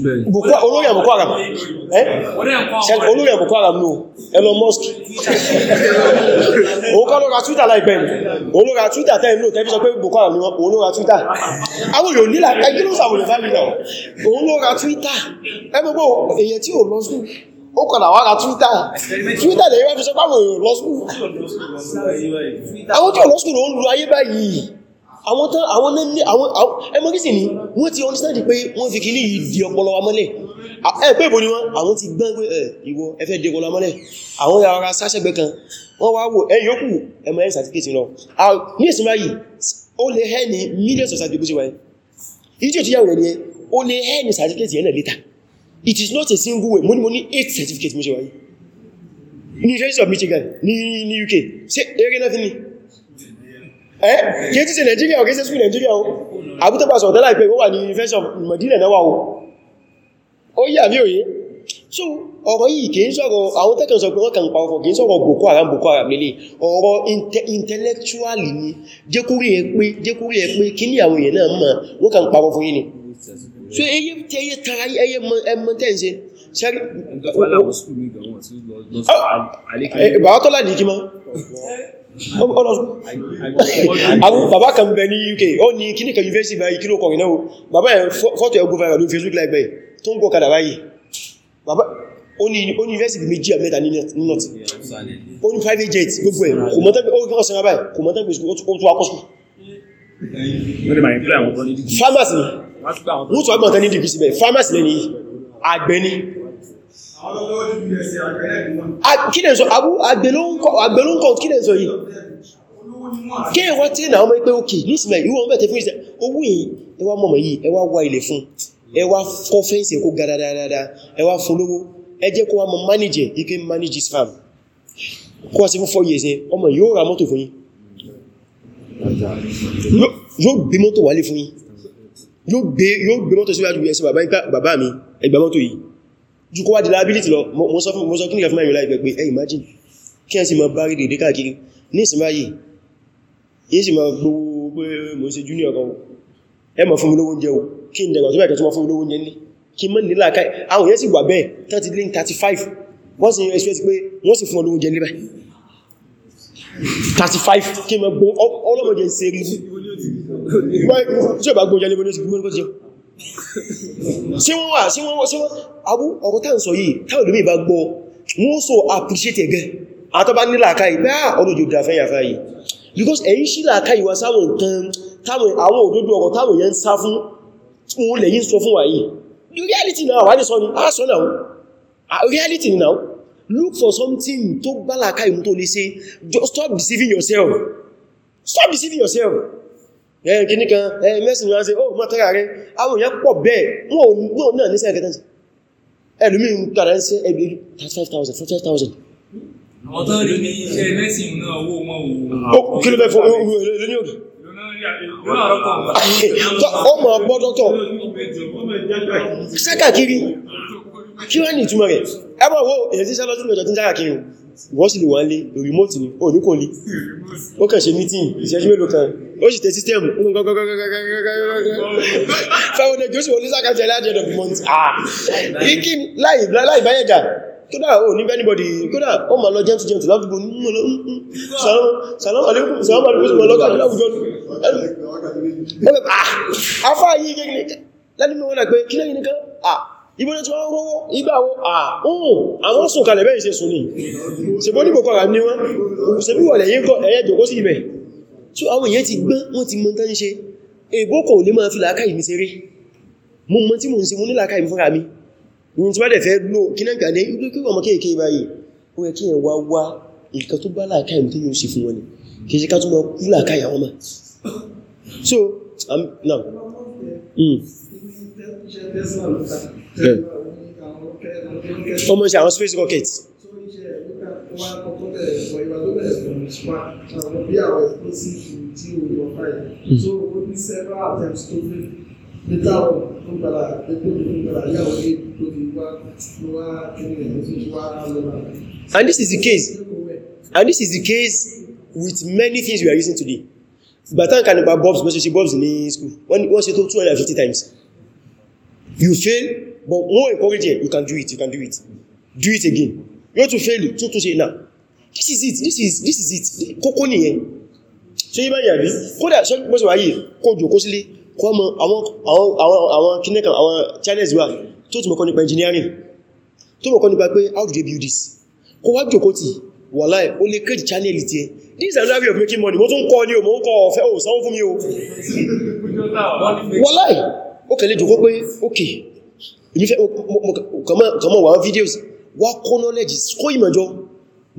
olóòrẹ̀ àbùkọ́ àràm olóòrẹ̀ àbùkọ́ àràm ní Elon Musk òun kọ́ Twitter láìpẹ́ olóra Twitter tẹ́ inú tẹ́fí sọ pé bùkọ́ àràm ní olóra Twitter àwọn èèyàn nílà ẹgbẹ́ ló sàwòlẹ̀ fámìlì náà olóra Twitter ẹgbẹ́gbọ́ èèyàn tí ò lọ ó kọ̀dà wá ra twitter twitter lè yẹ́ fi sọ báwọn èèyàn lọ school àwọn tí ò lọ school ló ń lu ayé báyìí àwọn tán àwọn ní àwọn ẹmọ́gísì ni wọ́n ti understand pé wọ́n fi kìí di ọpọlọ wa mọ́lẹ̀ ẹgbẹ́ ìbò ni wọ́n àwọn ti gbọ́n pé ìwọ ẹfẹ́ di ọpọlọ wa mọ́lẹ̀ àwọn ya ara sáṣẹ́gbẹ́ kan wọ́n wá wò ẹ yóò kù ẹmọ́ ẹ̀ certificate lọ ní ìsinmi ayì ó lè hẹ́ ní millions of certificate wáyé it is not a single way Money, money, eight certificate mo ṣe wáyé ní university of michigan Ni Ni uk ṣe eré náà fi Eh? ẹ́ kìí ti ṣe nigeria o kìí ṣe school nigeria o àbútọ́pàṣọ ọ̀tẹ́lá ìpẹ́ ó wà ní university of madina náà wà o ó yà bí oye. so ọ̀rọ̀ yìí kìí sọ̀rọ̀ àwọn tẹ́kàn sọ pé wọ́n kàn pàwọ́fọ̀ kìí sọ̀rọ̀ boko haram boko haram lélẹ̀ ọ̀rọ̀ intellectual ni jẹ́kúrí ẹ pé kí ní àwọn èèyàn náà mọ̀ wọ́n kàn pàwọ́fọ̀ yìí ni so eye tí eye tara eye ẹmọ tẹ́ǹsẹ́ sẹ́rí bàbá tọ́lá ní kí mọ́ àwọn oh, oh, bàbá kan bẹ ní UK ó ní kí ní kan university báyìí kí ló kọ̀rin náà bàbá ẹ̀ fọ́tọ̀ ẹgbò viral ní Facebook live báyìí tó ń gọ́kadà báyìí bàbá ó ní university méjì àmẹ́ta ní north ó ní private jet gbogbo ẹ̀ kò mọ́tẹ́gbẹ̀ wọ́n tó gbọ́n tán ní dìgí síbẹ̀ farmers lẹ́ni àgbẹ̀ ni kílẹ̀ sọ abú àgbẹ̀ ló ń kọ̀ kílẹ̀ sọ yìí kí wọ́n tí náà mọ́ pé òkè ní ìsìnlẹ̀ ìwọ̀n bẹ̀tẹ̀ fún ìsìnlẹ̀ owó yìí ẹwà mọ̀mọ̀ yìí ẹwà wà ilẹ̀ fún ẹwà kọ́ fẹ́ǹsì kó ga manage his farm kó wá sí fún 4 years ọmọ yóò ra mọ́tò fún yín yóò gbé mọ́tò síwájú ẹsẹ̀ bàbá ipá bàbá mi ẹgbà mọ́tò yìí jù kó wá di liability lọ mo sọ kílẹ̀ fún ẹ̀rọ láìpẹ́ pé ẹ imagine kí ẹ sì máa bá rí dèdè káàkiri ní ìsinmáyì yìí sì máa gbówó pé mo ṣe junior kan ẹ mọ̀ fún mi lówó oúnjẹ o kí n dẹ̀gbà tó bẹ̀ẹ̀ tó mọ̀ fún mi lówó oúnjẹ ní kí mọ́ nílà káì àwọn yẹn sì wà bẹ́ẹ̀ 30 lane 35 wọ́n sì yẹn expect pé wọ́n sì fún ọ lówó oúnjẹ níbẹ̀ kí mọ́ gbó ọlọ́mọdé ṣe rí tí ó bá gbọ́njẹ́ lébọn ní ṣùgbọ́n kọ́sí sí wọ́n wà sí wọ́n sí wọ́n abú ọ̀rọ̀ tàà ń sọ yìí táwọn olómi bá gbọ́ wọ́n so appreciate ẹgẹ́ àtọ́bá nílà káyì bá ah, ọlọ́jọ́ dáfẹ́ yàfá yìí because ẹ̀yìn sí làkáyì wá sáwọn nǹkan táwọn àwọn òdodo ọ̀rọ̀ táwọn yẹn ń sá fún òun lẹ́yìn sọ fún wa yìí reality now wà ní sọ ni a sọ náà ah, reality now look for something tó bá làkáyì mú tó lè ṣe just stop deceiving yourself stop deceiving yourself kíní kan mẹ́sìn rán sí oh mọ́tọ́rà rẹ̀ àwọn èèyàn pọ̀ bẹ́ẹ̀ wọ́n náà ní sẹ́ẹ̀kẹ́ tẹ́sì ẹlùmí ń kàrà sí ẹbí 35,000 45,000 àwọn tó rí ní iṣẹ́ mẹ́sìn náà owó wọn ò kí ló fẹ́ fún ohun èlé ní òdì ọmọ ọgbọ́ dọ́tọ̀ sákàkiri kí wọ́n ní ìtumọ̀ rẹ̀ ẹbọ̀ owó èyí tí sẹ́lọ́dún mẹ́jọ tí ń jára kiri wọ́n sì lè wọ́n lé remote ni o ní kò lè ó kàn ṣe meeting ìṣẹ́jú mélòó kan ó sì tẹ system fáwọn ẹgbẹ́ òṣìwò ní sákàtẹ̀ láti end of the month ikí láì báyẹ̀gà kódà ò ní anybody kódà ó ma lọ gentle gentle lábúgbò ní mọ́ sàlọ́mà lẹ́kùn sàlọ́mà lẹ́kùn sàlọ́mà lẹ́kùn ibole tí wọ́n rówó ìgbàwo àhún àwọn sùn kalẹ̀ bẹ́ẹ̀ ṣe sùn ní ṣebó ní kòkọ́ rà ní wọ́n ṣe bí wọ̀lẹ̀ yí ń kọ́ ẹ̀yẹ́ jòkó sí ibẹ̀ tí àwọn èyàn ti gbọ́n wọ́n ti mọ́ntán ṣe èbó kò lè máa fi làákà ìmì ṣeré mú mọ́ tí mò ń ṣe mú ní làákà ìmì fúnra mi ní tí wọ́n dẹ̀ fẹ́ lò kí náà gàdé ilé kí ọmọ kéèké báyìí ó yẹ kí ẹ wá wá nǹkan tó bá làákà ìmì tí yóò ṣe fún wọn ni kì í ṣe ká tún mm ọmọ eh. ìṣẹ́ àwọn space rocket and this is the case and this is the case with many things we are using today But I can't nípa bobs because she bobs in school wọ́n ṣe tó 250 times you fail but wọ́n encourage you you can do it you can do it do it again yóò to fail tún tún ṣe náà this is it this is this is it So So nìyẹn ṣe yí báyìí àbí kódà ṣe gbọ́sọ̀ wáyé kó jòkó sílé kó mọ àwọn kínẹ́kan àwọn channels wà tó tún mọ̀kọ́ nípa engineering tó mọ̀kọ́ nípa pé how do they build this kó wá jòkó tí wàláhì ó lè kéjì channel tí ẹ this is another way of making money mo tún kọ́ ní o mo ń kọ́ ọ̀fẹ́ ò sanwó fún mi o wàláhì ó kẹ̀lé jòkó pé okay èmi fẹ́ kọmọ wà videos wà kó knowledge kó ìmọ̀jọ́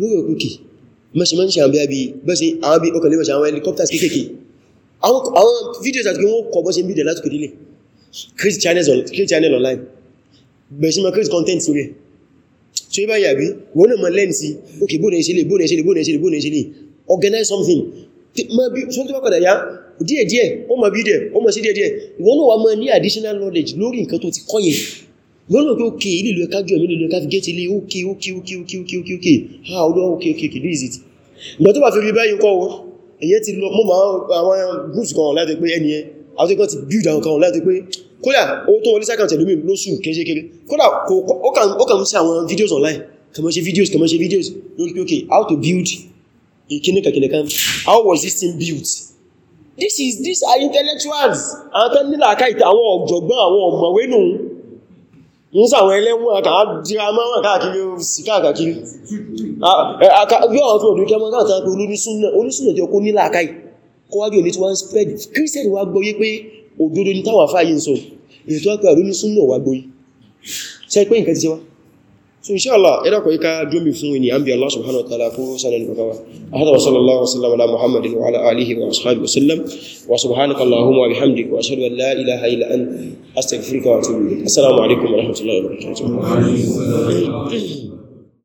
lórí òkúkè mẹ́ṣe mẹ́ṣe àwọn bí bẹ́ṣe àwọn bí ọkànlẹ́ mẹ́ṣe àwọn helicopters kéèkéèké àwọn videos àti wọ́n kọ̀ bọ́ṣe bídẹ̀ látòkè nílẹ̀ create channel online bẹ̀ṣe ma create content sórí ẹ̀ tí ó bá yà bí wọ́n náà ma learn sí ok bóòrẹ̀ ìṣẹ́lẹ̀ bóòrẹ̀ ìṣẹ́lẹ̀ bóòrẹ̀ ìṣẹ́lẹ̀ organize something díẹ̀díẹ̀ ó mọ̀ bí díẹ̀ ó mọ̀ sí díẹ̀díẹ̀ ìwọ́n náà wà mọ́ ní additional knowledge lórí nǹkan tó ti kọ́ yẹn wọ́n náà pé ókè ilé ìlú ẹ̀ká jù ẹ̀mí ìlú ẹ̀ká fi gẹ́tì ilé ókè ókè ókè ókè ókè ókè ókè ha olóhùn ókè ókè ókè this it ìgbà tó bá fi rí báyìí kọ́ wọn ẹ̀yẹ́ ti lọ mọ́ àwọn groups kan láti pé ẹni ẹ àwọn tó kàn ti build àwọn kan láti pé kódà owó tó wọlé sákàntẹ̀ lómi lóṣù kéṣekéṣe kódà ó kàn sí àwọn videos online kàmọ́ ṣe videos kàmọ́ ṣe videos lórí pé okay how to build a kíníkàkíníkà how was this thing built this is this are intellectuals àwọn tán nílà káìtà àwọn ọ̀jọ̀gbọ́n àwọn ọ̀mọ̀wé nù ń sàwọn ẹlẹ́wọ̀n àkà dira máwọn káàkiri sí káàkiri bí ọ̀rọ̀ tó ọdún kẹmọ́ káàkiri pé olúnísúnà olúnísúnà tí ó kó nílà káì kó wájú ní tí wọ́n spread Christian wá gbọ́yé pé òdodo ní táwọn afáyí ń sọ èyí tó wá pé olúnísúnà wá gbọ́yé sẹ́ pé nǹkan ti ṣe wá so inshallah ira ko ika domi fún ni anbi Allah subhanahu wa ta'ala ko sanan ko kawa ahada wa sallallahu wa sallam ala muhammadin wa ala alihi wa ashabihi wa sallam wa subhanaka allahumma wa bihamdika wa ashhadu an la ilaha assalamu alaikum wa rahmatullahi wa barakatuh